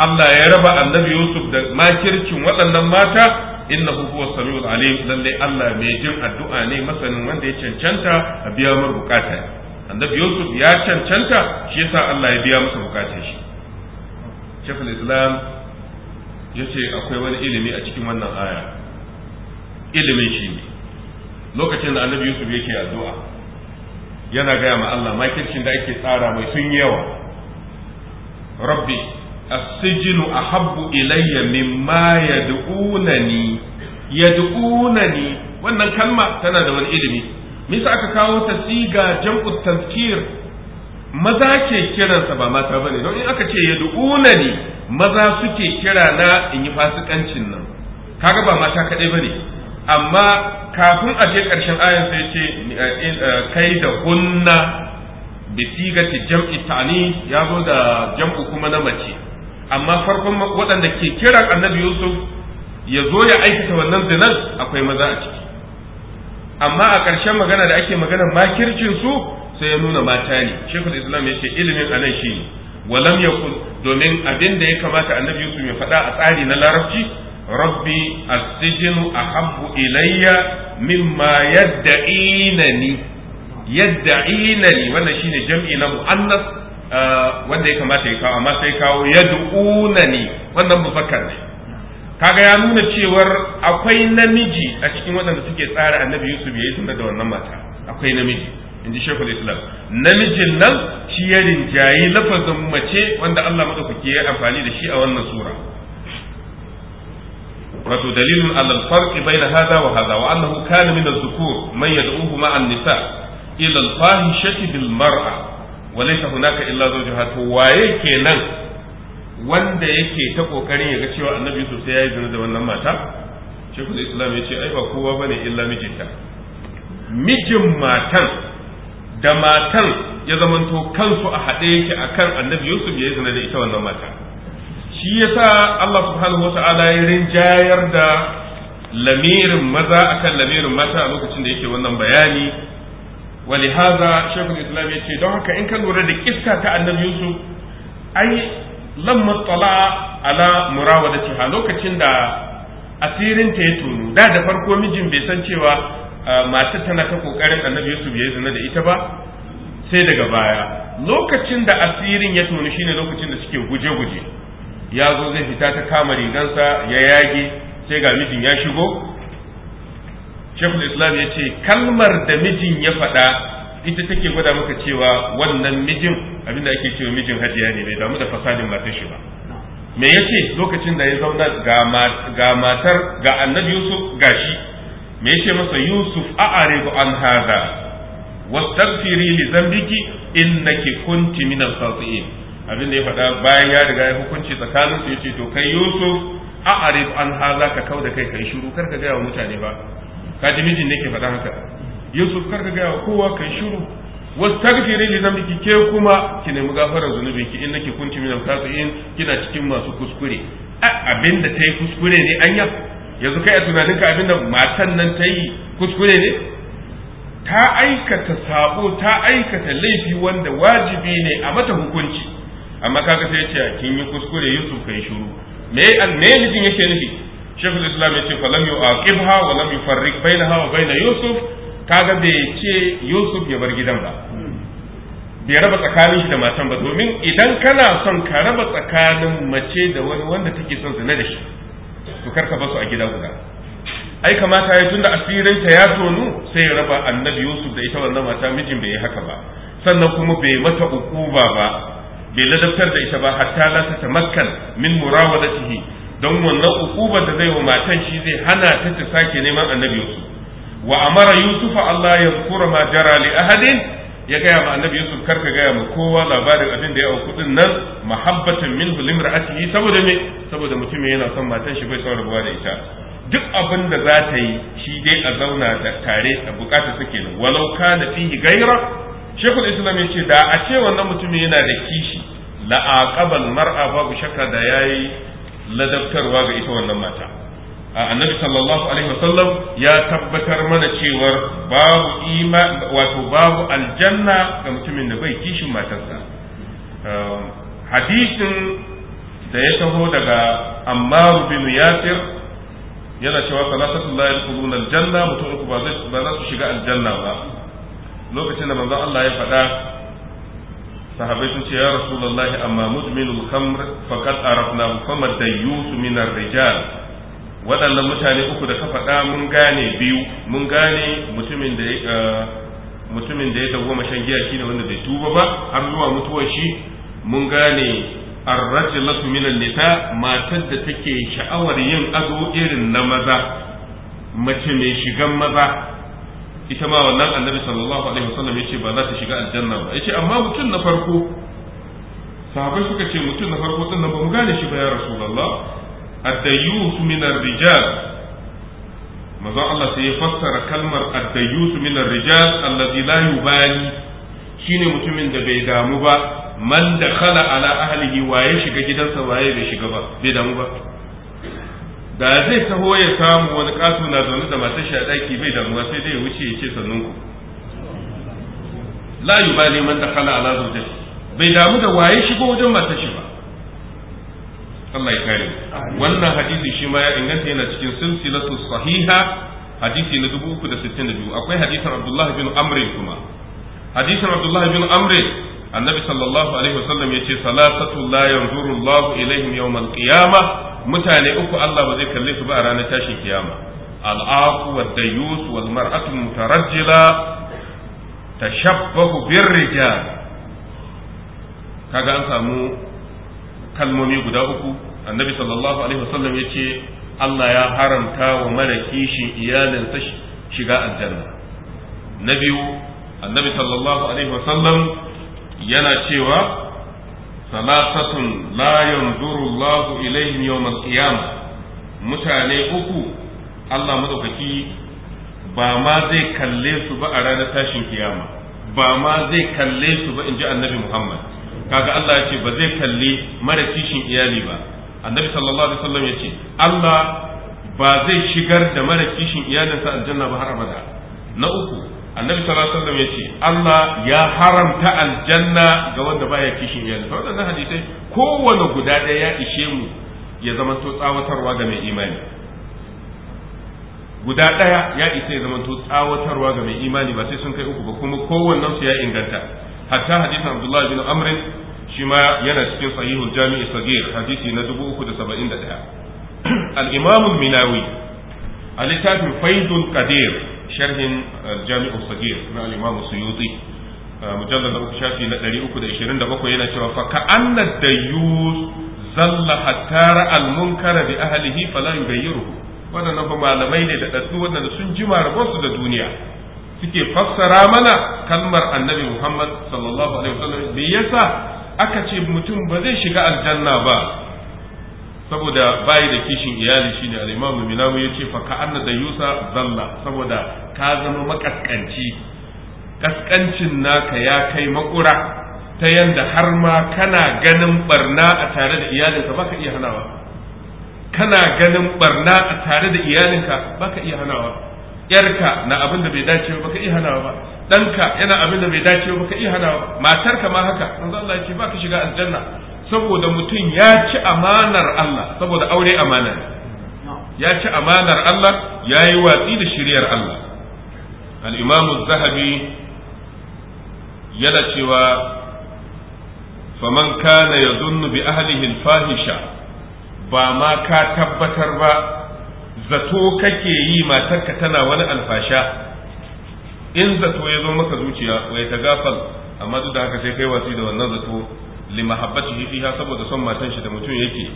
Allah ya raba annabi yusuf da makircin waɗannan mata innahu huwa samiul alim lalle Allah mai jin addu'a ne masanin wanda ya cancanta a biya mar bukata annabi yusuf ya cancanta shi yasa Allah ya biya masa bukatar shi shekul islam ya ce akwai wani ilimi a cikin wannan aya ilimin shi ne lokacin da annabi yusuf yake addu'a yana gaya ma Allah makircin da ake tsara mai sun yawa rabbi asijinu ahabbu ilayya mimma yad'unani yad'unani wannan kalma tana da wani ilimi misa aka kawo ta siga jam'u tazkir maza ke kiransa ba mata bane don in aka ce ya du'una ni maza suke kira na in yi fasikancin nan kaga ba mata kadai bane amma kafin a je karshen ayan sai ce eh, kai da hunna bi ta jam'i ta'ni ya zo da jam'u kuma na mace amma farkon waɗanda ke kiran annabi yusuf ya zo ya aikata wannan zinan akwai maza a ciki amma a ƙarshen magana da ake magana makircin su sai ya nuna mata ne shekul islam ya ce ilimin anan shi walam domin abin da ya kamata annabi yusuf ya faɗa a tsari na larabci rabbi asijinu sijnu ahabbu ilayya mimma yad'inani yad'inani wannan shine jam'i na muannas eh, wanda ya kamata ya kawo amma sai kawo yad'unani wannan mufakkar ne kaga ya nuna cewar akwai namiji a cikin waɗanda suke tsara annabi yusuf ya yi tunda da wannan mata akwai namiji in ji shekul islam namijin nan shi ya rinjayi lafazin mace wanda allah maɗaukaki ya amfani da shi a wannan sura wato dalilin alal bai na hada wa hada wa annahu kana min az-zukur man yad'uhu ma an-nisa ila al-fahishati bil mar'a wa laysa hunaka illa zawjuha to waye kenan wanda yake ta kokarin ya ga cewa annabi sosai sai yi zina da wannan mata shekul islam ya ce ai ba kowa bane illa mijinta mijin matan da matan ya zamanto kansu a haɗe yake kan annabi Yusuf ya yi zina da ita wannan mata shi ya sa Allah subhanahu ta'ala ya rinjayar da lamirin maza akan lamirin mata a lokacin da yake wannan bayani ولهذا شيخ الاسلام يقول don haka in ka lura da iska ta annabi Yusuf ai lam tsala ala murawadatiha lokacin da asirin ta ya tunu da da farko mijin bai san cewa uh, mata tana ta kokarin annabi Yusuf ya zina da ita ba sai daga baya lokacin da asirin ya tunu shine lokacin da suke guje-guje ya zo zai fita ta kama rigansa ya yage sai ga mijin ya shigo shekul islam ya ce kalmar da mijin ya faɗa ita take gwada maka cewa wannan mijin abinda ake cewa mijin hajiya ne bai damu da fasadin matar shi ba me yace lokacin da ya zauna ga matar ga annabi yusuf gashi me yace masa yusuf a'aridu an hada wastaghfiri li zambiki innaki kunti min sati'in abinda ya faɗa bayan ya riga ya hukunci tsakanin su yace to kai yusuf a'aridu an hada ka kauda kai kai shiru kar ka ga wa mutane ba kaji mijin ne ke faɗa haka yusuf karka gaya wa kowa kai shiru wasu tagfiri li zambiki ke kuma ki nemi gafarar zunubin ki in kunti minal khasi'in kina cikin masu kuskure abin da ta yi kuskure ne anya yanzu kai a tunaninka abin da matan nan ta yi kuskure ne ta aikata sabo ta aikata laifi wanda wajibi ne a mata hukunci amma kaga sai ce kin yi kuskure Yusuf kai shiru me almelifin yake nufi Sheikhul Islam yace ce falam yu'aqibha wa lam yufarriq bainaha wa baina Yusuf kaga bai ce yusuf ya bar gidan ba bai raba tsakanin shi da matan ba domin idan kana son ka raba tsakanin mace da wani wanda take son zina da shi to karka basu a gida guda ai kamata ya tunda asirinta ya tonu sai ya raba annabi yusuf da ita wannan mata mijin bai yi haka ba sannan kuma bai mata ukuba ba bai ladabtar da ita ba hatta lasa ta makan min murawadatihi don wannan ukubar da zai wa matan shi zai hana ta ta sake neman annabi yusuf wa amara yusufa Allah ya kura ma jara li ahadin ya gaya ma annabi yusuf karka gaya ma kowa labarin abin da ya auku kudin nan mahabbatan minhu limra'atihi saboda me saboda mutum yana son matan shi bai son da ita duk abin da za ta yi shi dai a zauna da tare a bukata take nan walau kana fihi gaira shekul islam ya ce da a ce wannan mutumin yana da kishi la'aqabal mar'a babu shakka da yayi ladabtarwa ga ita wannan mata annabi sallallahu alaihi wasallam ya tabbatar mana cewar babu ima wato babu aljanna ga mutumin da bai kishin matarsa um, hadisin da ya taho daga ammar bin yasir yana cewa salatu la yadkhuluna aljanna mutum uku ba za su shiga aljanna ba lokacin da manzon Allah ya faɗa sahabai sun ce ya rasulullahi amma mudminul khamr faqad arafna fama dayyus min ar-rijal waɗannan mutane uku da ka faɗa mun gane biyu mun gane mutumin da eh, mutumin da ya dawo shan giya ne wanda bai tuba ba har zuwa mutuwar shi mun gane arrajulatu minan nisa matar da take sha'awar yin azu irin na maza mace mai shigan maza ita ma wannan annabi sallallahu alaihi wasallam yace ba za ta shiga aljanna ba yace amma mutum na farko sahabbai suka ce mutum na farko din nan ba mu gane shi ba ya rasulullah addayus min ar-rijal manzo Allah sai ya fassara kalmar addayus min ar-rijal allazi la yubali shine mutumin da bai damu ba man dakhala ala ahlihi waye shiga gidansa waye bai shiga ba bai damu ba da zai taho ya samu wani kato na zaune da matar shi a daki bai damuwa sai dai ya wuce ya ce sannunku la yubali man da kala ala zawjati bai damu da waye shigo wajen matar shi ba Allah ya kare wannan hadisi shi ma ya inganta yana cikin silsilatu sahiha hadisi na 362 akwai hadisin Abdullah bin Amr kuma hadisin Abdullah bin Amr annabi sallallahu alaihi wasallam yace salatatu la yanzuru Allah ilaihim yawm al-qiyamah mutane uku Allah ba zai kalle su ba a ranar tashin kiyama al-aqu wad-dayus wal-mar'atu mutarajjila tashabbahu bir-rijal kaga an samu kalmomi guda uku annabi sallallahu alaihi wasallam ya ce Allah ya haramta wa mara kishin iyalinsa shiga aljanna na biyu annabi sallallahu alaihi wasallam yana cewa salasatun la yanzuru Allah ilaihim yawm al-qiyam mutane uku Allah madaukaki ba ma zai kalle su ba a ranar tashin kiyama ba ma zai kalle su ba in ji annabi Muhammad kaga Allah ya ce ba zai kalli mara kishin iyali ba annabi sallallahu alaihi wasallam ya ce Allah ba zai shigar da mara kishin iyalinsa aljanna ba har abada na uku annabi sallallahu alaihi wasallam ya ce Allah ya haramta aljanna ga wanda baya kishin iyali to wannan hadisai kowanne guda ɗaya ya ishe mu ya zama to tsawatarwa ga mai imani guda ɗaya ya isa ya zama to tsawatarwa ga mai imani ba sai sun kai uku ba kuma kowannen su ya inganta hatta hadisin abdullahi bin amr shi ma yana cikin sahihul jami'i sagir hadisi na 371 al-imam al a littafin faidul qadir sharhin eh, jami'u sagir na al-imam suyuti eh, mujallal uku shafi na 327 yana cewa fa ka'anna dayyus zalla hatta ra'a al-munkara bi ahlihi fala yughayyiruhu wannan ba malamai ne da daddu wannan sun jima su da duniya suke fassara mana kalmar annabi Muhammad sallallahu alaihi wasallam me yasa aka ce mutum ba zai shiga aljanna ba saboda bayi da kishin iyali shine al-Imam Minawi yace fa ka anna da Yusa zalla saboda ka zama makaskanci kaskancin naka ya kai makura ta yanda har ma kana ganin barna a tare da iyalinka baka iya hanawa kana ganin barna a tare da iyalinka baka iya hanawa yarka na abin da bai dace ba ka iya hanawa ba danka yana abin da bai dace ba ka iya hanawa ba matarka ma haka manzo Allah ya ce ba ka shiga aljanna saboda mutum ya ci amanar Allah saboda aure amana ya ci amanar Allah ya yi watsi da shiriyar Allah al-Imam zahabi yana cewa faman kana yadhunnu bi ahlihi al-fahisha ba ma ka tabbatar ba zato kake yi matarka tana wani alfasha in zato ya zo maka zuciya wai ta gafal, amma duk da haka sai kai wasi da wannan zato li fi fiha saboda son matan shi da mutum yake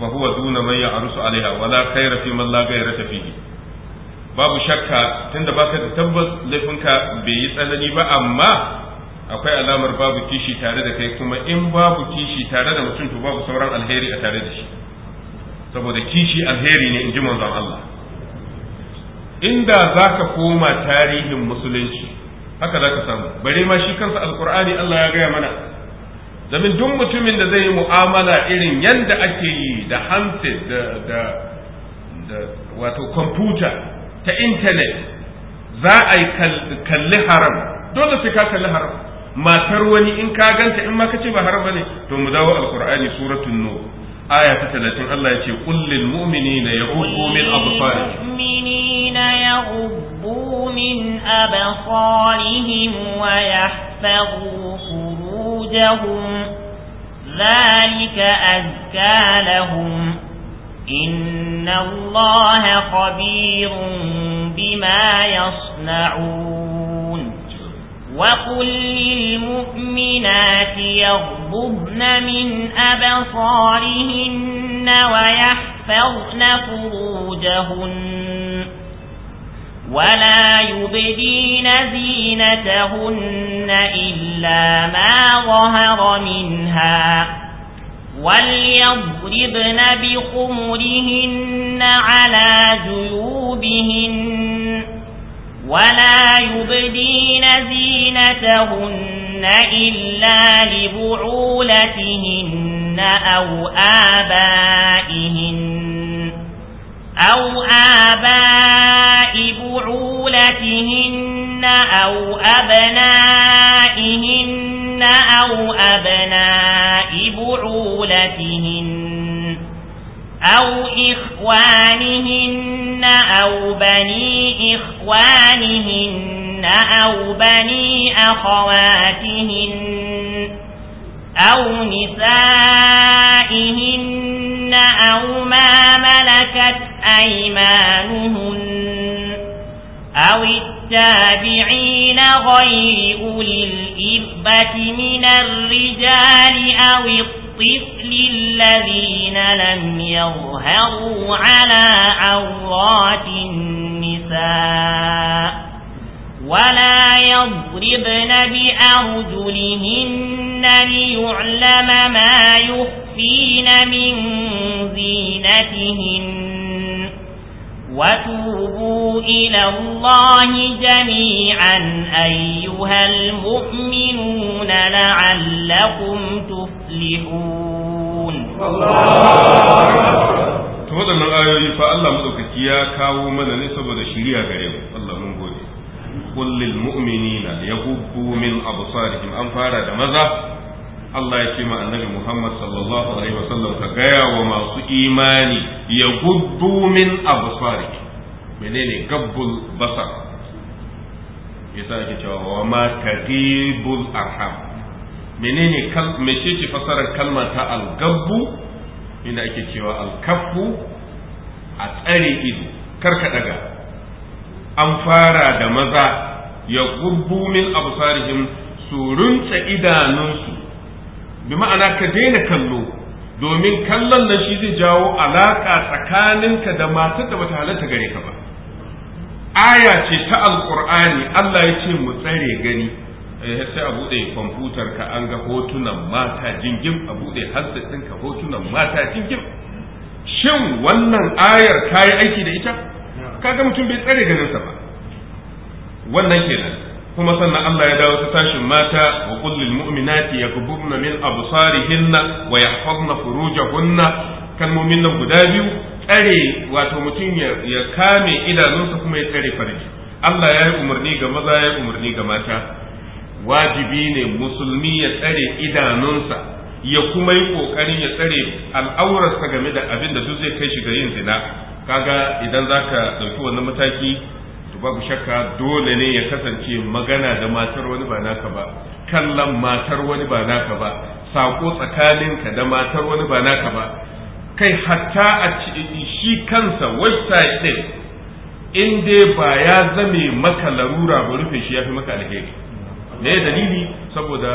fa huwa duna man ya'rusu alaiha wala khayra fi man la ghayra fihi babu shakka tunda baka da tabbas laifinka bai yi tsanani ba amma akwai alamar babu kishi tare da kai kuma in babu kishi tare da mutum to babu sauran alheri a tare da shi saboda kishi alheri ne in ji manzon Allah inda za ka koma tarihin musulunci haka za ka samu bare ma shi kansa alkur'ani Allah ya gaya mana domin duk mutumin da zai yi mu'amala irin yadda ake yi da handset da wato kwamfuta ta intanet za a yi kalli haram dole sai ka kalli haram matar wani in ka ganta in ma ka ce ba haram bane to mu dawo alkur'ani suratul nur aya ta 30 Allah yace kullil mu'minina yaghuddu min absarihim mu'minina yaghuddu min absarihim wa yahfazu furujahum dhalika azka lahum إن الله خبير بما يصنعون وقل للمؤمنات يغضبن من أبصارهن ويحفظن فروجهن ولا يبدين زينتهن إلا ما ظهر منها وليضربن بخمرهن على جيوبهن ولا يبدين زينتهن إلا لبعولتهن أو آبائهن أو آباء بعولتهن أو أبنائهن أو أبناء بعولتهن أو إخوانهن أو بني إخوانهن أو بني أخواتهن أو نسائهن أو ما ملكت أيمانهن أو التابعين غير أولي الإربة من الرجال أو الطبع طفل الذين لم يظهروا على عورات النساء ولا يضربن بأرجلهن ليعلم ما يخفين من زينتهن وتوبوا إلى الله جميعا أيها المؤمنون لعلكم تفلحون to waɗannan ayoyi fa Allah madaukaki ya kawo mana ne saboda shirya gare mu Allah mun gode qul lil mu'minina yaghubbu min absarihim an fara da maza Allah ya ce ma annabi Muhammad sallallahu alaihi wasallam ka gaya wa masu imani ya gudu min absari menene gabbul basar yasa ake cewa wa ma taqibul arham menene kal ce fasarar kalmar ta al-gabbu inda ake cewa al-kaffu a tsare ido kar daga an fara da maza ya gubbu min absarihim su runta idanunsu bi ma'ana ka daina kallo domin kallon nan shi zai jawo alaka tsakaninka da masu da bata halatta gare ka ba aya ce ta alkur'ani Allah ya ce mu tsare gani eh, sai a buɗe kwamfutar ka an ga hotunan mata jingim a buɗe hasset ka, hotunan mata jingim shin wannan ayar ta yi aiki da ita kaga mutum bai tsare ganinsa ba wannan kenan kuma sannan Allah ya dawo ta tashin mata wa kullil mu'minati yakbubna min absarihinna wa yahfazna furujahunna kan nan guda biyu tsare wato mutum ya kame idanunsa kuma ya tsare farji Allah ya yi umarni ga maza ya yi umarni ga mata wajibi ne musulmi ya tsare idanunsa ya kuma yi kokarin ya tsare al'aurarsa game da abin da duk zai kai shi ga yin zina kaga idan zaka dauki wannan mataki babu shakka dole ne ya kasance magana da matar wani ba naka ba kallon matar wani ba naka ba sako tsakaninka da matar wani ba naka ba kai hatta a shi kansa sa ɗin in dai ba ya zame maka larura ba rufe shi ya fi maka alheri ne dalili saboda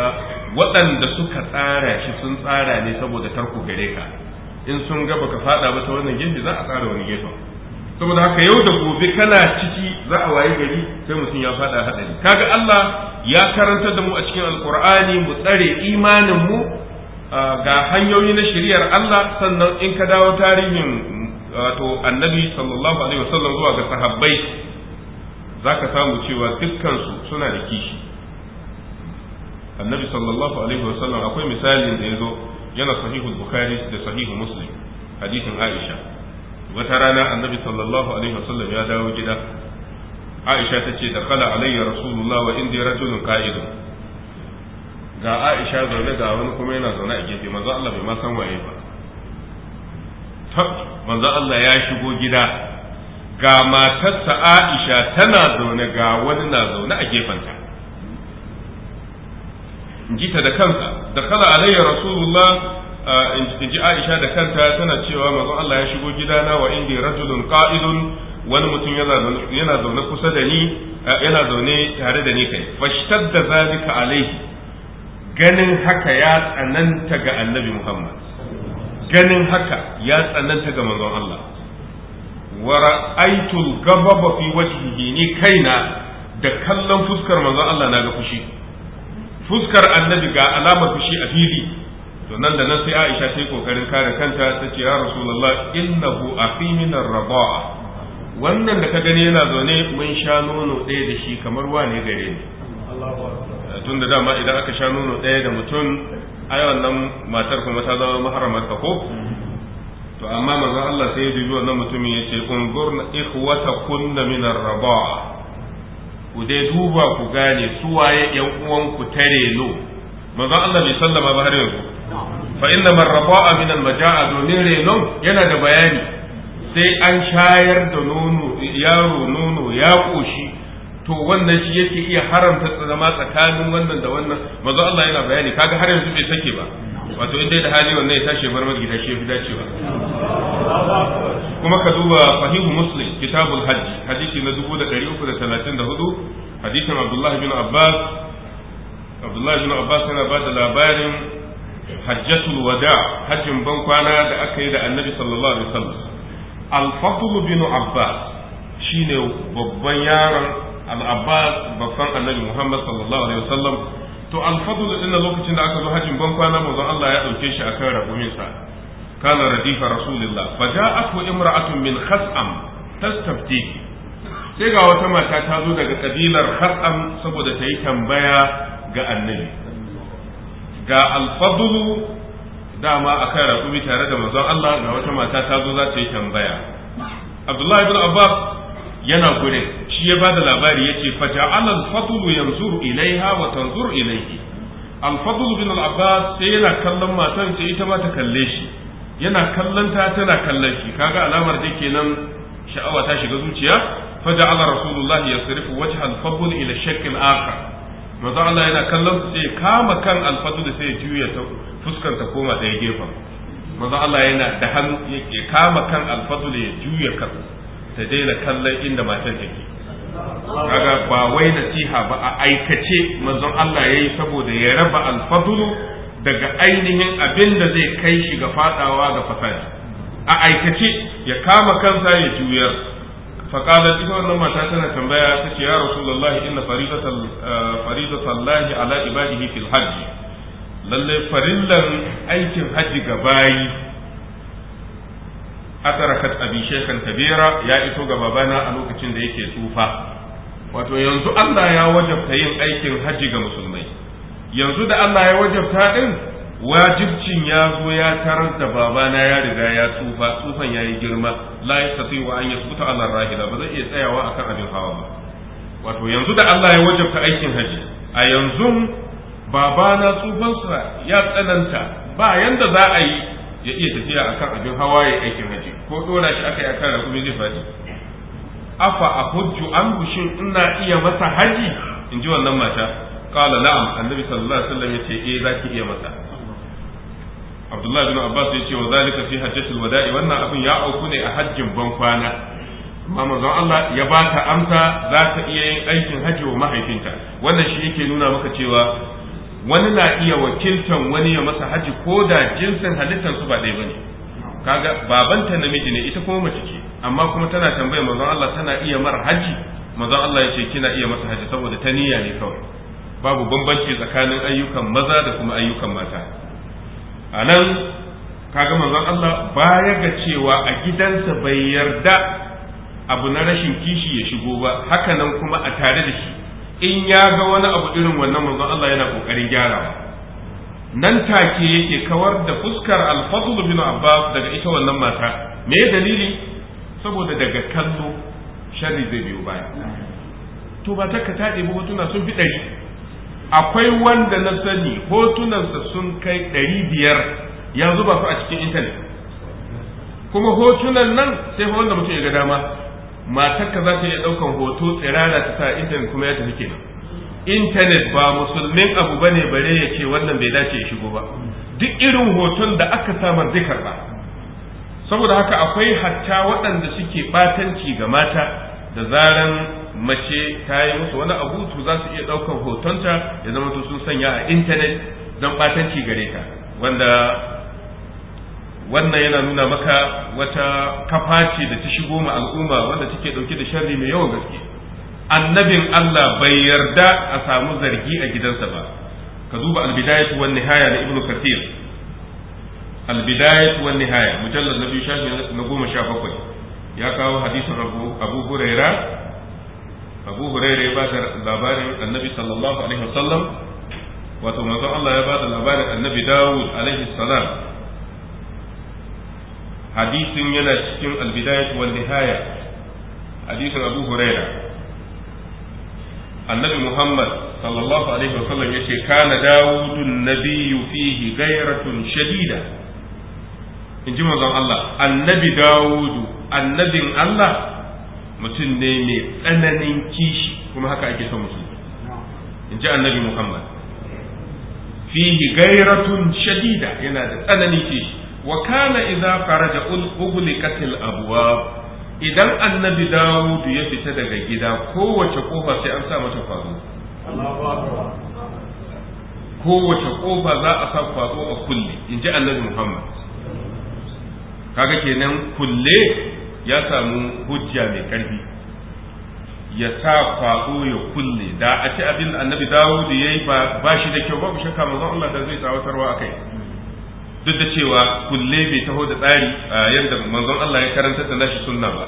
waɗanda suka tsara shi sun tsara ne saboda tarko gare ka in sun ga baka faɗa ba ta wannan gefe za a tsara wani gefen saboda haka yau da gobe kana ciki za a waye gari sai mutum ya fada hadari kaga Allah ya karantar da mu a cikin alkur'ani mu tsare imanin mu ga hanyoyi na shari'ar Allah sannan in ka dawo tarihin wato annabi sallallahu alaihi wasallam zuwa ga sahabbai zaka samu cewa dukkan su suna da kishi annabi sallallahu alaihi wasallam akwai misalin da yazo yana sahihul bukhari da sahihu muslim hadisin aisha wata rana annabi sallallahu alaihi wasallam ya dawo gida aisha ta ce da kala alayya rasulullah wa indi rajulun qa'idun ga aisha zaune ga wani kuma yana zaune a gefe manzo Allah bai ma san waye ba Ta manzo Allah ya shigo gida ga matarsa aisha tana zaune ga wani na zaune a gefenta in ta da kansa da kala alayya rasulullah in ji Aisha da kanta tana cewa manzon Allah ya shigo gidana wa indi rajulun qa'idun wani mutum yana zaune kusa da ni yana zaune tare da ni kai fashtadda zalika alaihi ganin haka ya tsananta ga annabi Muhammad ganin haka ya tsananta ga manzon Allah wa ra'aytul ghadaba fi wajhihi ni kaina da kallon fuskar manzon Allah na ga fushi fuskar annabi ga alamar fushi a fili to nan da nan sai Aisha ta yi kokarin kare kanta ta ce ya Rasulullah innahu akhi min ar rabaa wannan da ka gani yana zaune mun sha nono ɗaya da shi kamar wane gare ni eh, tun da dama idan aka sha nono ɗaya da mutum ai wannan matar kuma ta zama maharamar ka ko to amma manzon Allah sai ya ji wannan mutumin ya ce unzurna ikhwatakunna min ar rabaa ku dai duba ku gane su waye yan uwan ku tare no manzon Allah bai sallama ba har yanzu fa inna man rafa'a min al maja'a domin renon yana da bayani sai an shayar da nono yaro nono ya koshi to wannan shi yake iya haramta zama tsakanin wannan da wannan manzo Allah yana bayani kaga har yanzu bai sake ba wato in dai da hali wannan ya tashi bar masa gida shi fi dacewa kuma ka duba fahimu muslim kitabul hajj hadisi na 334 hadisin Abdullahi bin Abbas Abdullahi bin Abbas yana ba da labarin hajjatul wada hajjin ban kwana da aka yi da annabi sallallahu alaihi wasallam al-fadl bin abbas shine babban yaron al-abbas babban annabi muhammad sallallahu alaihi wasallam to al-fadl din lokacin da aka zo hajjin ban kwana manzon Allah ya dauke shi akan rabumin sa kana radifa rasulillah faja'atu imra'atun min khas'am tastaftihi sai ga wata mata ta zo daga kabilar khas'am saboda ta yi tambaya ga annabi ga alfadulu dama akan raƙumi tare da manzon Allah ga wata mata ta zo za ta yi tambaya Abdullahi ibn Abbas yana gurin shi ya ba da labari ya fa ja'ala al-fadlu yanzuru ilaiha wa tanzuru ilayhi al bin al-Abbas sai yana kallon matan sai ita ma ta kalle shi yana kallon ta tana kallon shi kaga alamar da kenan sha'awa ta shiga zuciya fa ja'ala rasulullahi yasrifu wajha al-fadl ila shakl akhar manzo Allah yana kallon su sai kama kan alfatu da sai juya ta fuskar ta koma ɗaya gefen manzo Allah yana da hannu ya kama kan alfatu da ya juya kan ta daina kallon inda matar take kaga ba wai nasiha ba a aikace manzo Allah yayi saboda ya raba alfatu daga ainihin abin da zai kai shi ga fadawa ga fasadi a aikace ya kama kansa ya juyar فقالت ita wannan mata tana tambaya ta ce ya rasu rasulullahi inna faridatallahi ala ibadihi fil hajj lalle farillan aikin hajji ga bayi atarakat abi shaykhan kabira ya iso ga babana a lokacin da yake tsufa wato yanzu Allah ya wajabta yin aikin hajji ga musulmai yanzu da Allah ya wajabta din wajibcin ya zo ya tarar da babana ya riga ya tsufa tsufan ya yi girma la sai wa an yasbuta ala rahila ba zai iya tsayawa akan abin hawa ba wato yanzu da Allah ya wajabta aikin haji a yanzu babana tsufansa ya tsananta ba yanda za a yi ya iya tafiya akan abin hawa ya aikin haji ko dora shi aka yi akan kuma zai faɗi afa a hujju an gushin ina iya masa haji in ji wannan mata qala na'am annabi sallallahu alaihi wasallam yace eh zaki iya masa abdullahi bin abbas ya ce wa zalika fi hajjatul wada'i wannan abin ya auku ne a hajjin ban kwana amma manzon Allah ya ba ta amsa za ta iya yin aikin hajji wa mahaifinta wannan shi yake nuna maka cewa wani na iya wakiltan wani ya masa haji ko da jinsin halittar su ba ɗaya bane kaga babanta namiji ne ita kuma mace ce amma kuma tana tambayar manzon Allah tana iya mara haji manzon Allah ya ce kina iya masa haji saboda ta niyya ne kawai babu bambanci tsakanin ayyukan maza da kuma ayyukan mata a nan kaga manzon Allah baya ga cewa a gidansa bai yarda abu na rashin kishi ya shigo ba haka nan kuma a tare da shi in ya ga wani abu irin wannan manzon Allah yana kokarin gyarawa nan take yake kawar da fuskar al-fadl bin abbas daga ita wannan mata me dalili saboda daga kallo sharri zai biyo baya to ba ta ka tade ba hotuna sun fi ɗari akwai wanda na sani hotunansa sun kai ɗari biyar ya ba su a cikin intanet kuma hotunan nan sai wanda mutum ya ga dama matarka za ta iya ɗaukan hoto tsirara ta sa intanet kuma ya tafi kenan intanet ba musulmin abu ba ne bare ya ce wannan bai dace ya shigo ba duk irin hoton da aka samar zai karɓa. saboda haka akwai hatta waɗanda suke ɓatanci ga mata da zaran mace ta yi musu wani abu to za su iya ɗaukar hotonta ya zama to sun sanya a intanet don ɓatanci gare ta wanda wannan yana nuna maka wata kafa ce da ta shigo ma al'umma wanda take ɗauke da sharri mai yawan gaske annabin Allah bai yarda a samu zargi a gidansa ba ka duba albidayatu wan nihaya na ibnu kathir albidayatu wan nihaya mujallad na biyu na goma sha bakwai ya kawo hadisin abu hurairah abu huraira ya bada labarin annabi sallallahu alaihi wasallam wato manzon Allah ya bada labarin annabi dawud alaihi salam hadisin yana cikin albidayat wal nihaya hadisin abu huraira annabi muhammad sallallahu alaihi wasallam yace kana dawudun nabiyyu fihi ghayratun shadida in ji manzon Allah annabi dawudu annabin Allah mutum ne mai tsananin kishi kuma haka ake son mutum in ji annabi muhammad fihi gairatun shadida yana da tsananin kishi wa kana idza faraja ughliqatil abwab idan annabi dawud ya fita daga gida kowace kofa sai an sa mata kwazo kowace kofa za a sa kwazo a kulle in ji annabi muhammad kaga kenan kulle ya samu hujja mai karfi ya sa kwazo ya kulle da a ce abin da annabi Dawudu ya yi ba shi da kyau babu shakka manzon Allah da zai tsawatarwa kai duk da cewa kulle bai taho da tsari a yadda manzon Allah ya karanta da nashi sunna ba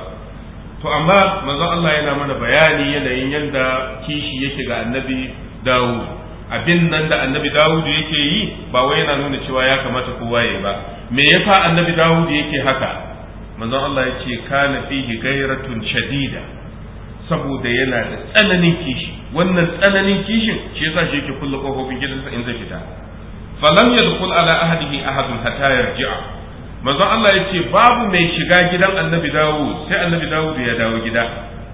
to amma manzon Allah yana mana bayani yanayin yadda kishi yake ga annabi dawud abin nan da annabi Dawudu yake yi ba wai yana nuna cewa ya kamata kowa ya ba me yasa annabi Dawudu yake haka manzon Allah ya ce kana fihi gairatun shadida saboda yana da tsananin kishi wannan tsananin kishin shi yasa shi yake kulle kofofin gidansa in zai fita falam yadkhul ala ahadihi ahadun hatta yarji'a manzon Allah ya ce babu mai shiga gidan annabi Dawud sai annabi Dawud ya dawo gida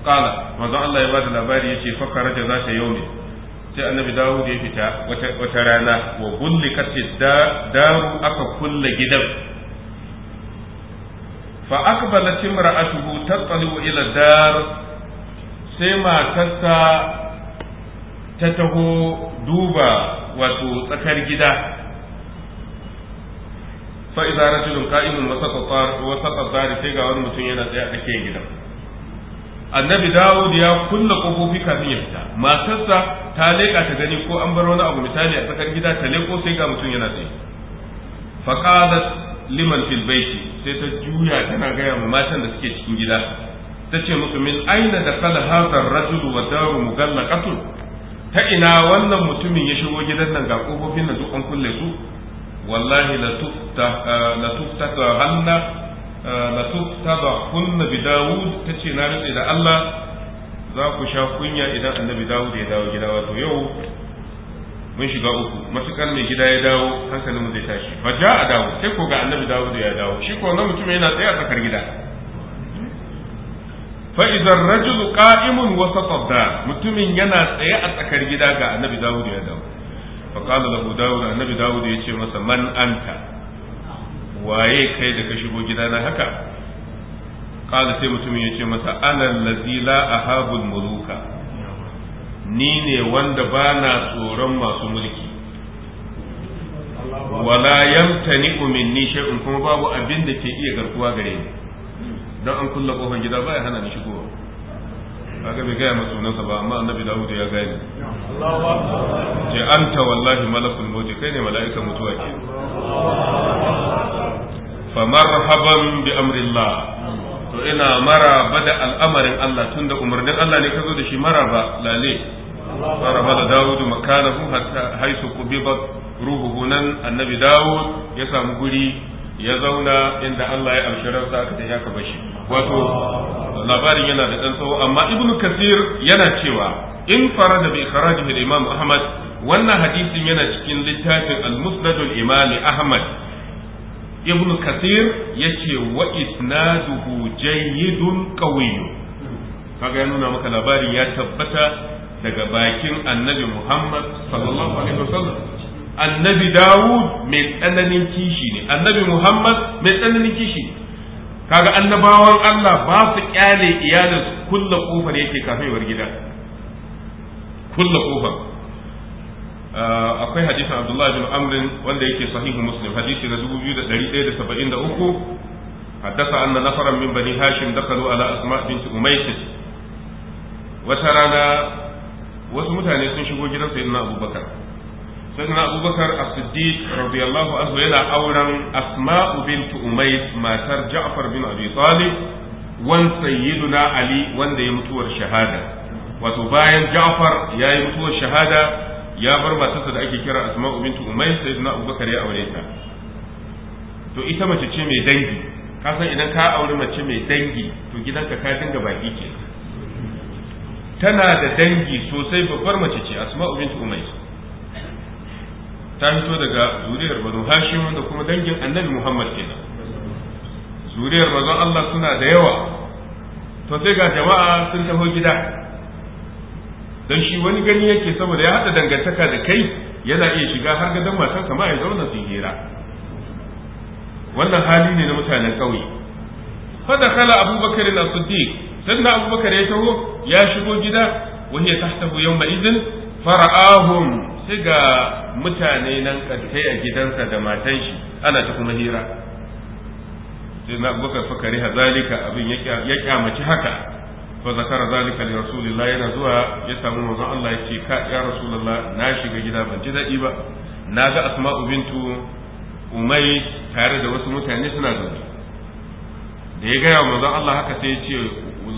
kala manzon Allah ya bada labari ya ce fa ta zata yaune. sai annabi Dawud ya fita wata rana wa gullikat daru aka kulle gidan fa aqbalat imra'atuhu tattali'u ila dar sai matarsa ta taho duba wato tsakar gida fa idza rajulun qa'imun wasata dar sai ga wani mutum yana tsaye a tsakiyar gidan annabi dawud ya kulle kofofi kafin ya fita matarsa ta leƙa ta gani ko an bar wani abu misali a tsakar gida ta leƙo sai ga mutum yana tsaye faqalat liman fil baiti sai ta juya tana gaya ma matan da suke cikin gida ta ce musu min aina da kala hazar rajulu wa daru mugallaqatun ta ina wannan mutumin ya shigo gidan nan ga kofofin nan duk an kulle su wallahi la tufta la eh, hanna la tufta eh, eh, kunna bi Ta tace na ritse da Allah za ku sha kunya idan annabi Dawud ya dawo gida wato yau mun shiga uku matukar mai gida ya dawo hankalin mu zai tashi ba ja a dawo sai ko ga annabi da ya dawo shi ko wannan mutum yana tsaye a tsakar gida fa idan rajul qa'imun wa safadda mutumin yana tsaye a tsakar gida ga annabi da ya dawo fa qala lahu da annabi dawud ya ce masa man anta waye kai da ka shigo gida na haka qala sai mutumin ya ce masa ana allazi la ahabul muluka ni ne wanda ba na tsoron masu mulki wala yamtani minni shay'un kuma babu abin da ke iya garkuwa gare ni dan an kulla kofar gida ba ya hana ni shigowa kaga bai gaya masunansa ba amma annabi Dawud ya gane ce anta wallahi malakul mauti kai ne mala'ikan mutuwa ke Fa marhaban bi amrillah to ina maraba da al'amarin Allah tunda umarnin Allah ne ka zo da shi maraba lale maraba da Dawud makanahu hatta haisu kubibat ruhuhu nan annabi Dawud ya samu guri ya zauna inda Allah ya alshirar sa aka ya kaba wato labarin yana da dan tsawo amma ibnu kasir yana cewa in farada bi ikhrajihi al-imam ahmad wannan hadisin yana cikin littafin al-musnad al-imam ahmad ibn kasir ce wa isnaduhu jayyidun qawiy kaga ya nuna maka labari ya tabbata daga bakin annabi Muhammad sallallahu alaihi wasallam annabi Dawud mai tsananin kishi ne annabi Muhammad mai tsananin kishi kaga annabawan Allah ba su kyale iyalinsu kulla kofar yake kafin gida kulla kofar akwai hadisin abdullahi bin amrin wanda yake sahihu muslim hadisi na 2173 haddasa anna nafaran min bani hashim dakalu ala asma binti umayth wata rana wasu mutane sun shigo gidan sayyidina abubakar sayyidina abubakar as-siddiq radiyallahu anhu yana auren asma binti umayth matar ja'far bin abi talib wan sayyiduna ali wanda ya mutuwar shahada wato bayan ja'far yi mutuwar shahada ya bar matarsa da ake kira asma'u bintu umay sayyidina abubakar ya aure ta to ita mace ce mai dangi ka san idan ka aure mace mai dangi to gidanka ka dinga baki ke tana da dangi sosai babbar mace ce asma'u bintu umay ta fito daga zuriyar banu hashim wanda kuma dangin annabi muhammad kenan zuriyar manzon Allah suna da yawa to sai ga jama'a sun taho gida don shi wani gani yake saboda ya haɗa dangantaka da kai yana iya shiga har ga dan matar kama ya zauna su hira wannan hali ne na mutanen ƙauye fada kala abubakar na siddiq sannan abubakar ya taho ya shigo gida wani ya tahtahu yau ma'izin fara'ahum sai ga mutane nan kai a gidansa da matan shi ana ta kuma hira sai na abubakar fakari hazalika abin ya kyamaci haka fa zakara zalika li rasulillah yana zuwa ya samu manzon Allah yake ka ya rasulullah na shiga gida ban ji daɗi ba na ga asma'u bintu umai tare da wasu mutane suna zaune da ya gaya manzon Allah haka sai ya ce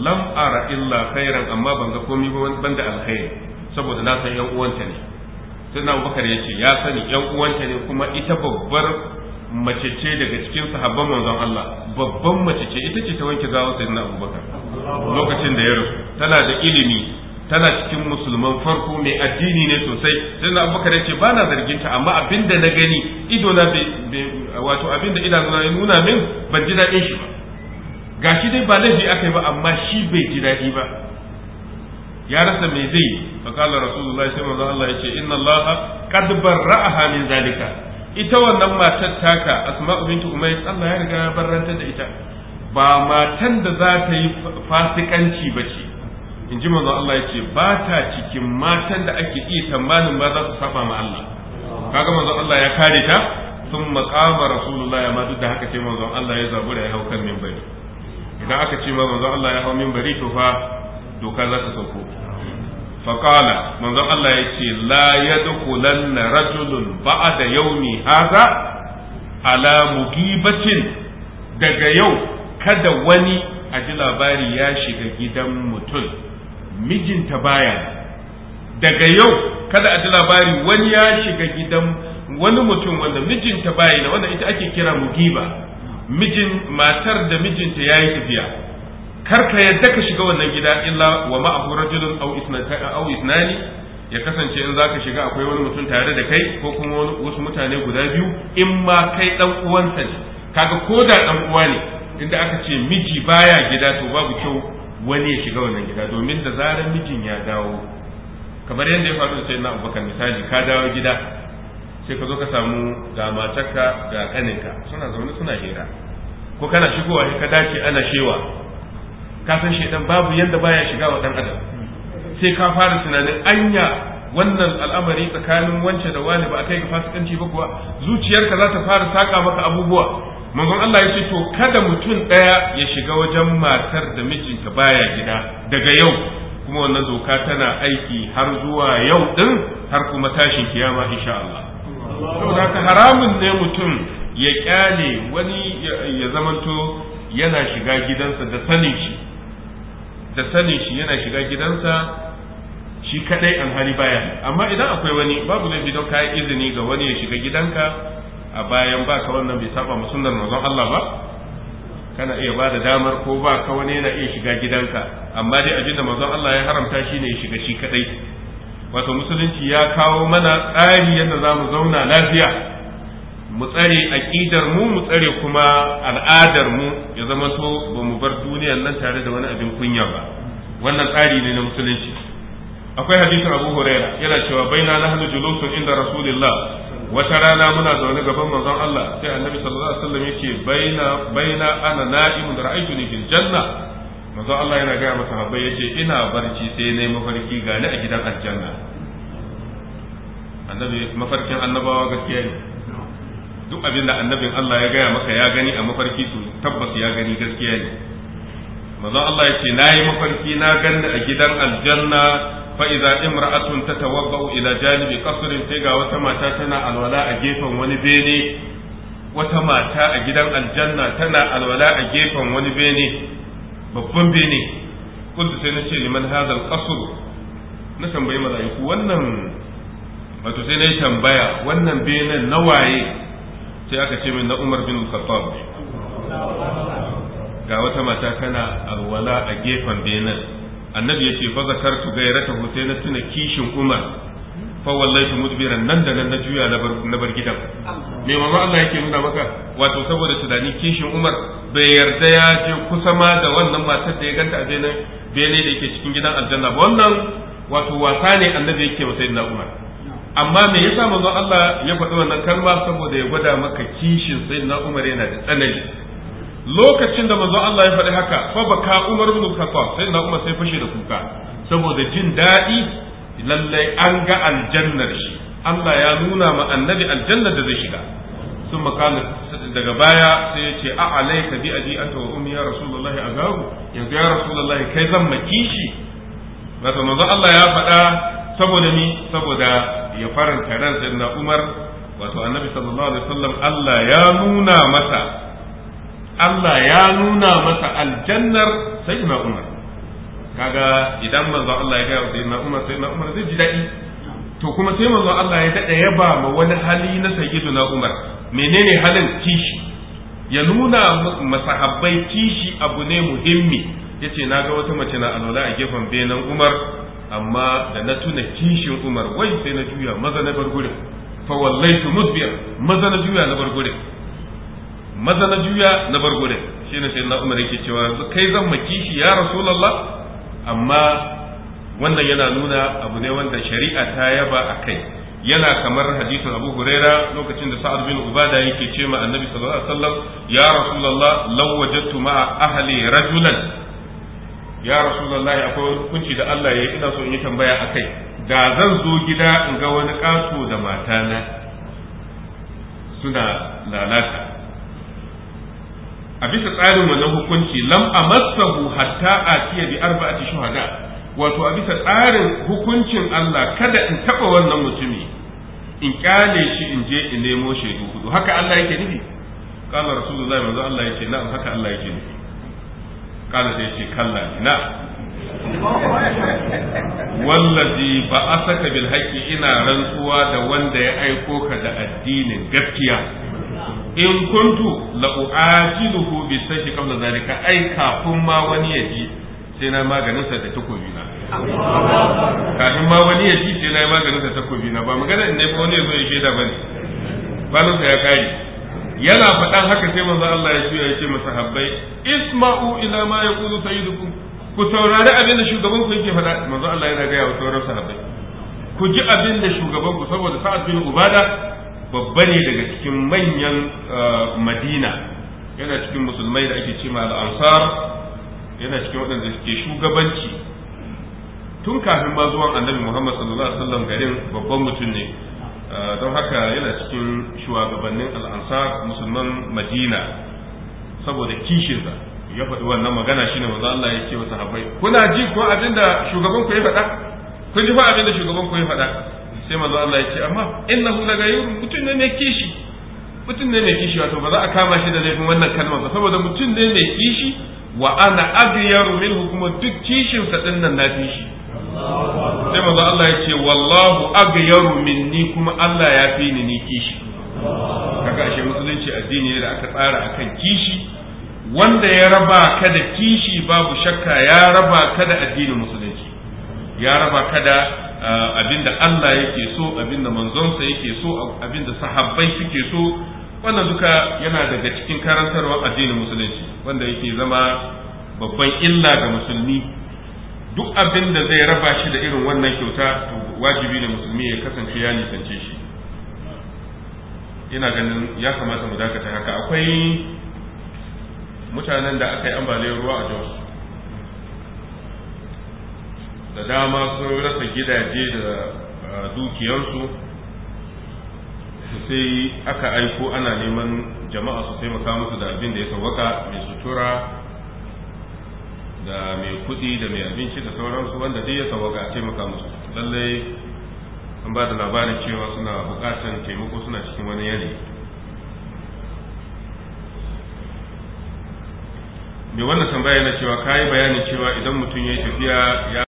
lam ara illa khairan amma ban ga komai ba banda alkhairi saboda na san yan uwanta ne sai na ya ce ya sani yan uwanta ne kuma ita babbar mace ce daga cikin sahabban manzon Allah babban mace ce ita ce ta wanke gawar na Abubakar lokacin da ya rasu tana da ilimi tana cikin musulman farko mai addini ne sosai na Abubakar ya ce ba na zargin ta amma abinda na gani ido na wato abinda idanuna nuna min ban ji daɗin shi ba gashi dai ba laifi aka ba amma shi bai ji daɗi ba ya rasa me zai fa kala rasulullahi sai manzo Allah ya ce inna allaha qad barra'aha min zalika ita wannan matar taka asma'u bintu umayyah Allah ya riga ya barranta da ita ba matan da za ta yi fasikanci ba ce in ji manzon Allah ya ba ta cikin matan da ake iya tamanin ba za su saba ma Allah kaga manzon Allah ya kare ta sun maqama rasulullahi ya ma duk da haka sai manzon Allah ya zabura ya hau kan minbari idan aka ce ma Allah ya hau minbari to fa doka za ta sauko فقال من ذا الله يتي لا يدخلن رجل بعد يوم هذا على مجيبة daga yau kada wani a ji labari ya shiga gidan mutum mijinta baya daga yau kada a ji labari wani ya shiga gidan wani mutum wanda mijinta baya na wanda ita ake kira mugiba mijin matar da mijinta ya yi tafiya kar ka yadda ka shiga wannan gida illa wa ma'ahu rajulun aw aw isnani ya kasance in zaka shiga akwai wani mutum tare da kai ko kuma wasu mutane guda biyu in ma kai dan uwansa ne kaga ko da dan uwa ne inda aka ce miji baya gida to babu kyau wani ya shiga wannan gida domin da zarar mijin ya dawo kamar yadda ya faru da sayyidina Abubakar misali ka dawo gida sai ka zo ka samu ga matarka ga kaninka suna zaune suna hira ko kana shigowa ka dace ana shewa ka san shaidan babu yanda baya shiga wa dan adam sai ka fara tunanin anya wannan al'amari tsakanin wance da wani ba a kai ga fasikanci ba kuwa zuciyarka za ta fara saka maka abubuwa manzon Allah ya ce to kada mutum daya ya shiga wajen matar da mijinta baya gida daga yau kuma wannan doka tana aiki har zuwa yau din har kuma tashin kiyama insha Allah saboda haramun ne mutum ya kyale wani ya zamanto yana shiga gidansa da sanin shi da sanin shi yana shiga gidansa shi kadai an hari baya amma idan akwai wani babu laifi don kayan izini ga wani ya shiga gidanka a bayan ba ka wannan bai saba sunnar manzon Allah ba kana iya ba da damar ko ba ka wani yana iya shiga gidanka amma dai abinda manzon Allah ya haramta shi ya shiga shi kadai wato musulunci ya kawo mana tsari yadda za mu zauna lafiya mu tsare aƙidar mu mu tsare kuma al'adar mu ya zama so ba mu bar duniyar nan tare da wani abin kunya ba wannan tsari ne na musulunci akwai hadisin abu huraira yana cewa baina na nahnu julusu inda rasulillah wata rana muna zaune gaban manzon Allah sai annabi sallallahu alaihi wasallam yake baina baina ana na'imun ni fil janna manzo Allah yana gaya masa habbai yace ina barci sai nayi mafarki gani a gidan aljanna annabi mafarkin annabawa gaskiya ne duk abin da annabin Allah ya gaya maka ya gani a mafarki to tabbas ya gani gaskiya ne manzon Allah ya ce nayi mafarki na ganni a gidan aljanna fa idza imra'atun tatawabba'u ila janibi qasrin sai ga wata mata tana alwala a gefen wani bene wata mata a gidan aljanna tana alwala a gefen wani bene babban bene kullu sai na ce liman hadha alqasr na tambayi mala'iku wannan wato sai na tambaya wannan benen na waye sai aka ce min na Umar bin Khattab ga wata mata kana alwala a gefen benin annabi ya ce fa zakartu gairata sai na tuna kishin Umar fa wallahi mudbiran nan da nan na juya na bar na bar gidan me mama Allah yake nuna maka wato saboda tunani kishin Umar bai yarda ya je kusa ma da wannan matar da ya ganta a benin bene da yake cikin gidan aljanna ba wannan wato wasa ne annabi yake wa sayyidina Umar amma me yasa manzon Allah ya faɗi wannan kalma saboda ya gwada maka kishin sai na Umar yana da tsanani lokacin da manzon Allah ya faɗi haka fa baka Umar bin Khattab sai na Umar sai fashe da kuka saboda jin daɗi lallai an ga aljannar shi Allah ya nuna ma annabi aljannar da zai shiga sun makala daga baya sai ya ce a alaika bi abi anta wa ummi ya rasulullahi azabu yanzu ya rasulullahi kai zan maki shi wato manzo Allah ya faɗa saboda ni saboda ya faranta ran sayyidina Umar wato annabi sallallahu alaihi wasallam Allah ya nuna masa Allah ya nuna masa aljannar sayyidina Umar kaga idan manzo Allah ya ga sayyidina Umar sayyidina Umar zai ji daɗi to kuma sai manzo Allah ya dada yaba ma wani hali na sayyidina Umar menene halin kishi ya nuna masahabbai kishi abu ne muhimmi yace naga wata mace na alwala a gefen benan Umar amma da na tuna kishin Umar wai sai na juya maza na bar gurin fa wallaitu mudbir maza na juya na bar gurin maza na juya na bar gurin sai na Umar yake cewa kai zan ma kishi ya Rasulullah amma wannan yana nuna abu ne wanda shari'a ta yaba a kai yana kamar hadisin Abu Huraira lokacin da Sa'ad bin Ubada yake ce ma Annabi sallallahu alaihi wasallam ya Rasulullah law wajadtu ma ahli rajulan ya rasulullahi akwai hukunci da Allah ya yi ina so in yi tambaya a kai da zan zo gida in ga wani kaso da matana suna lalata a bisa tsarin wannan hukunci lam amassahu hatta atiya bi arba'ati shuhada wato a bisa tsarin hukuncin Allah kada in taba wannan mutumi in kyale shi in je in nemo shaidu hudu haka Allah yake nufi qala rasulullahi manzo Allah yake na'am haka Allah yake nufi kala sai ce kalla ina wallazi ba asaka bil haqqi ina rantsuwa da wanda ya aiko ka da addinin gaskiya in kuntu la u'ajiluhu bi sayfi qabla zalika ai kafin ma wani ya ji sai na maganin sa da takobi na kafin ma wani ya ji sai na maganin sa takobi na ba magana in ne ba wani ya zo ya shaida bane ba ya kai yana faɗan haka sai manzo Allah ya juya ya ce masa habbai isma'u ila ma yaqulu sayyidukum ku saurari abinda shugaban ku yake faɗa manzo Allah yana gaya wa sauran sahabbai ku ji abinda shugaban ku saboda sa'ad bin ubada babba ne daga cikin manyan uh, madina yana cikin musulmai da ake cewa al-ansar yana cikin waɗanda suke shugabanci tun kafin ma zuwan annabi Muhammad sallallahu alaihi wasallam garin babban mutum ne Eh, don haka yana cikin shugabannin al'ansar musulman madina saboda kishinsa ya faɗi wannan magana shine wanzu Allah ya ce wasu sahabbai kuna ji ko abin da shugaban ku ya faɗa kun ji fa abin da shugaban ku ya faɗa sai manzo Allah ya ce amma innahu la gayrun mutun ne mai kishi mutun ne mai kishi wato ba za a kama shi da laifin wannan kalmar ba saboda mutun ne mai kishi wa ana abiyaru minhu kuma duk kishin sa nan na fi shi sai manzo Allah ya ce wallahu aghyaru minni kuma Allah ya fi ni kishi kaga ashe musulunci addini ne da aka tsara akan kishi wanda ya raba ka da kishi babu shakka ya raba ka da addinin musulunci ya raba ka da uh, abinda Allah yake so abinda manzonsa yake so abinda sahabbai suke so wannan duka yana daga cikin karantarwar addinin musulunci wanda yake zama babban illa ga musulmi duk abin da zai raba shi da irin wannan kyauta to wajibi ne musulmi ya kasance ya nisance shi ina ganin ya kamata mu dakata haka akwai mutanen da aka yi ambaliyar ruwa a jos da dama sun rasa gidaje da dukiyarsu sai aka aiko ana neman jama'a su taimaka musu da abin da ya sauwaka mai sutura da mai kuɗi da mai abinci da sauransu wanda duk ya tawaga a taimaka musu lallai an ba da labarin cewa suna buƙatar taimako suna cikin wani yanayi mai wannan tambaya na cewa kayi bayanin cewa idan mutum ya yi tafiya ya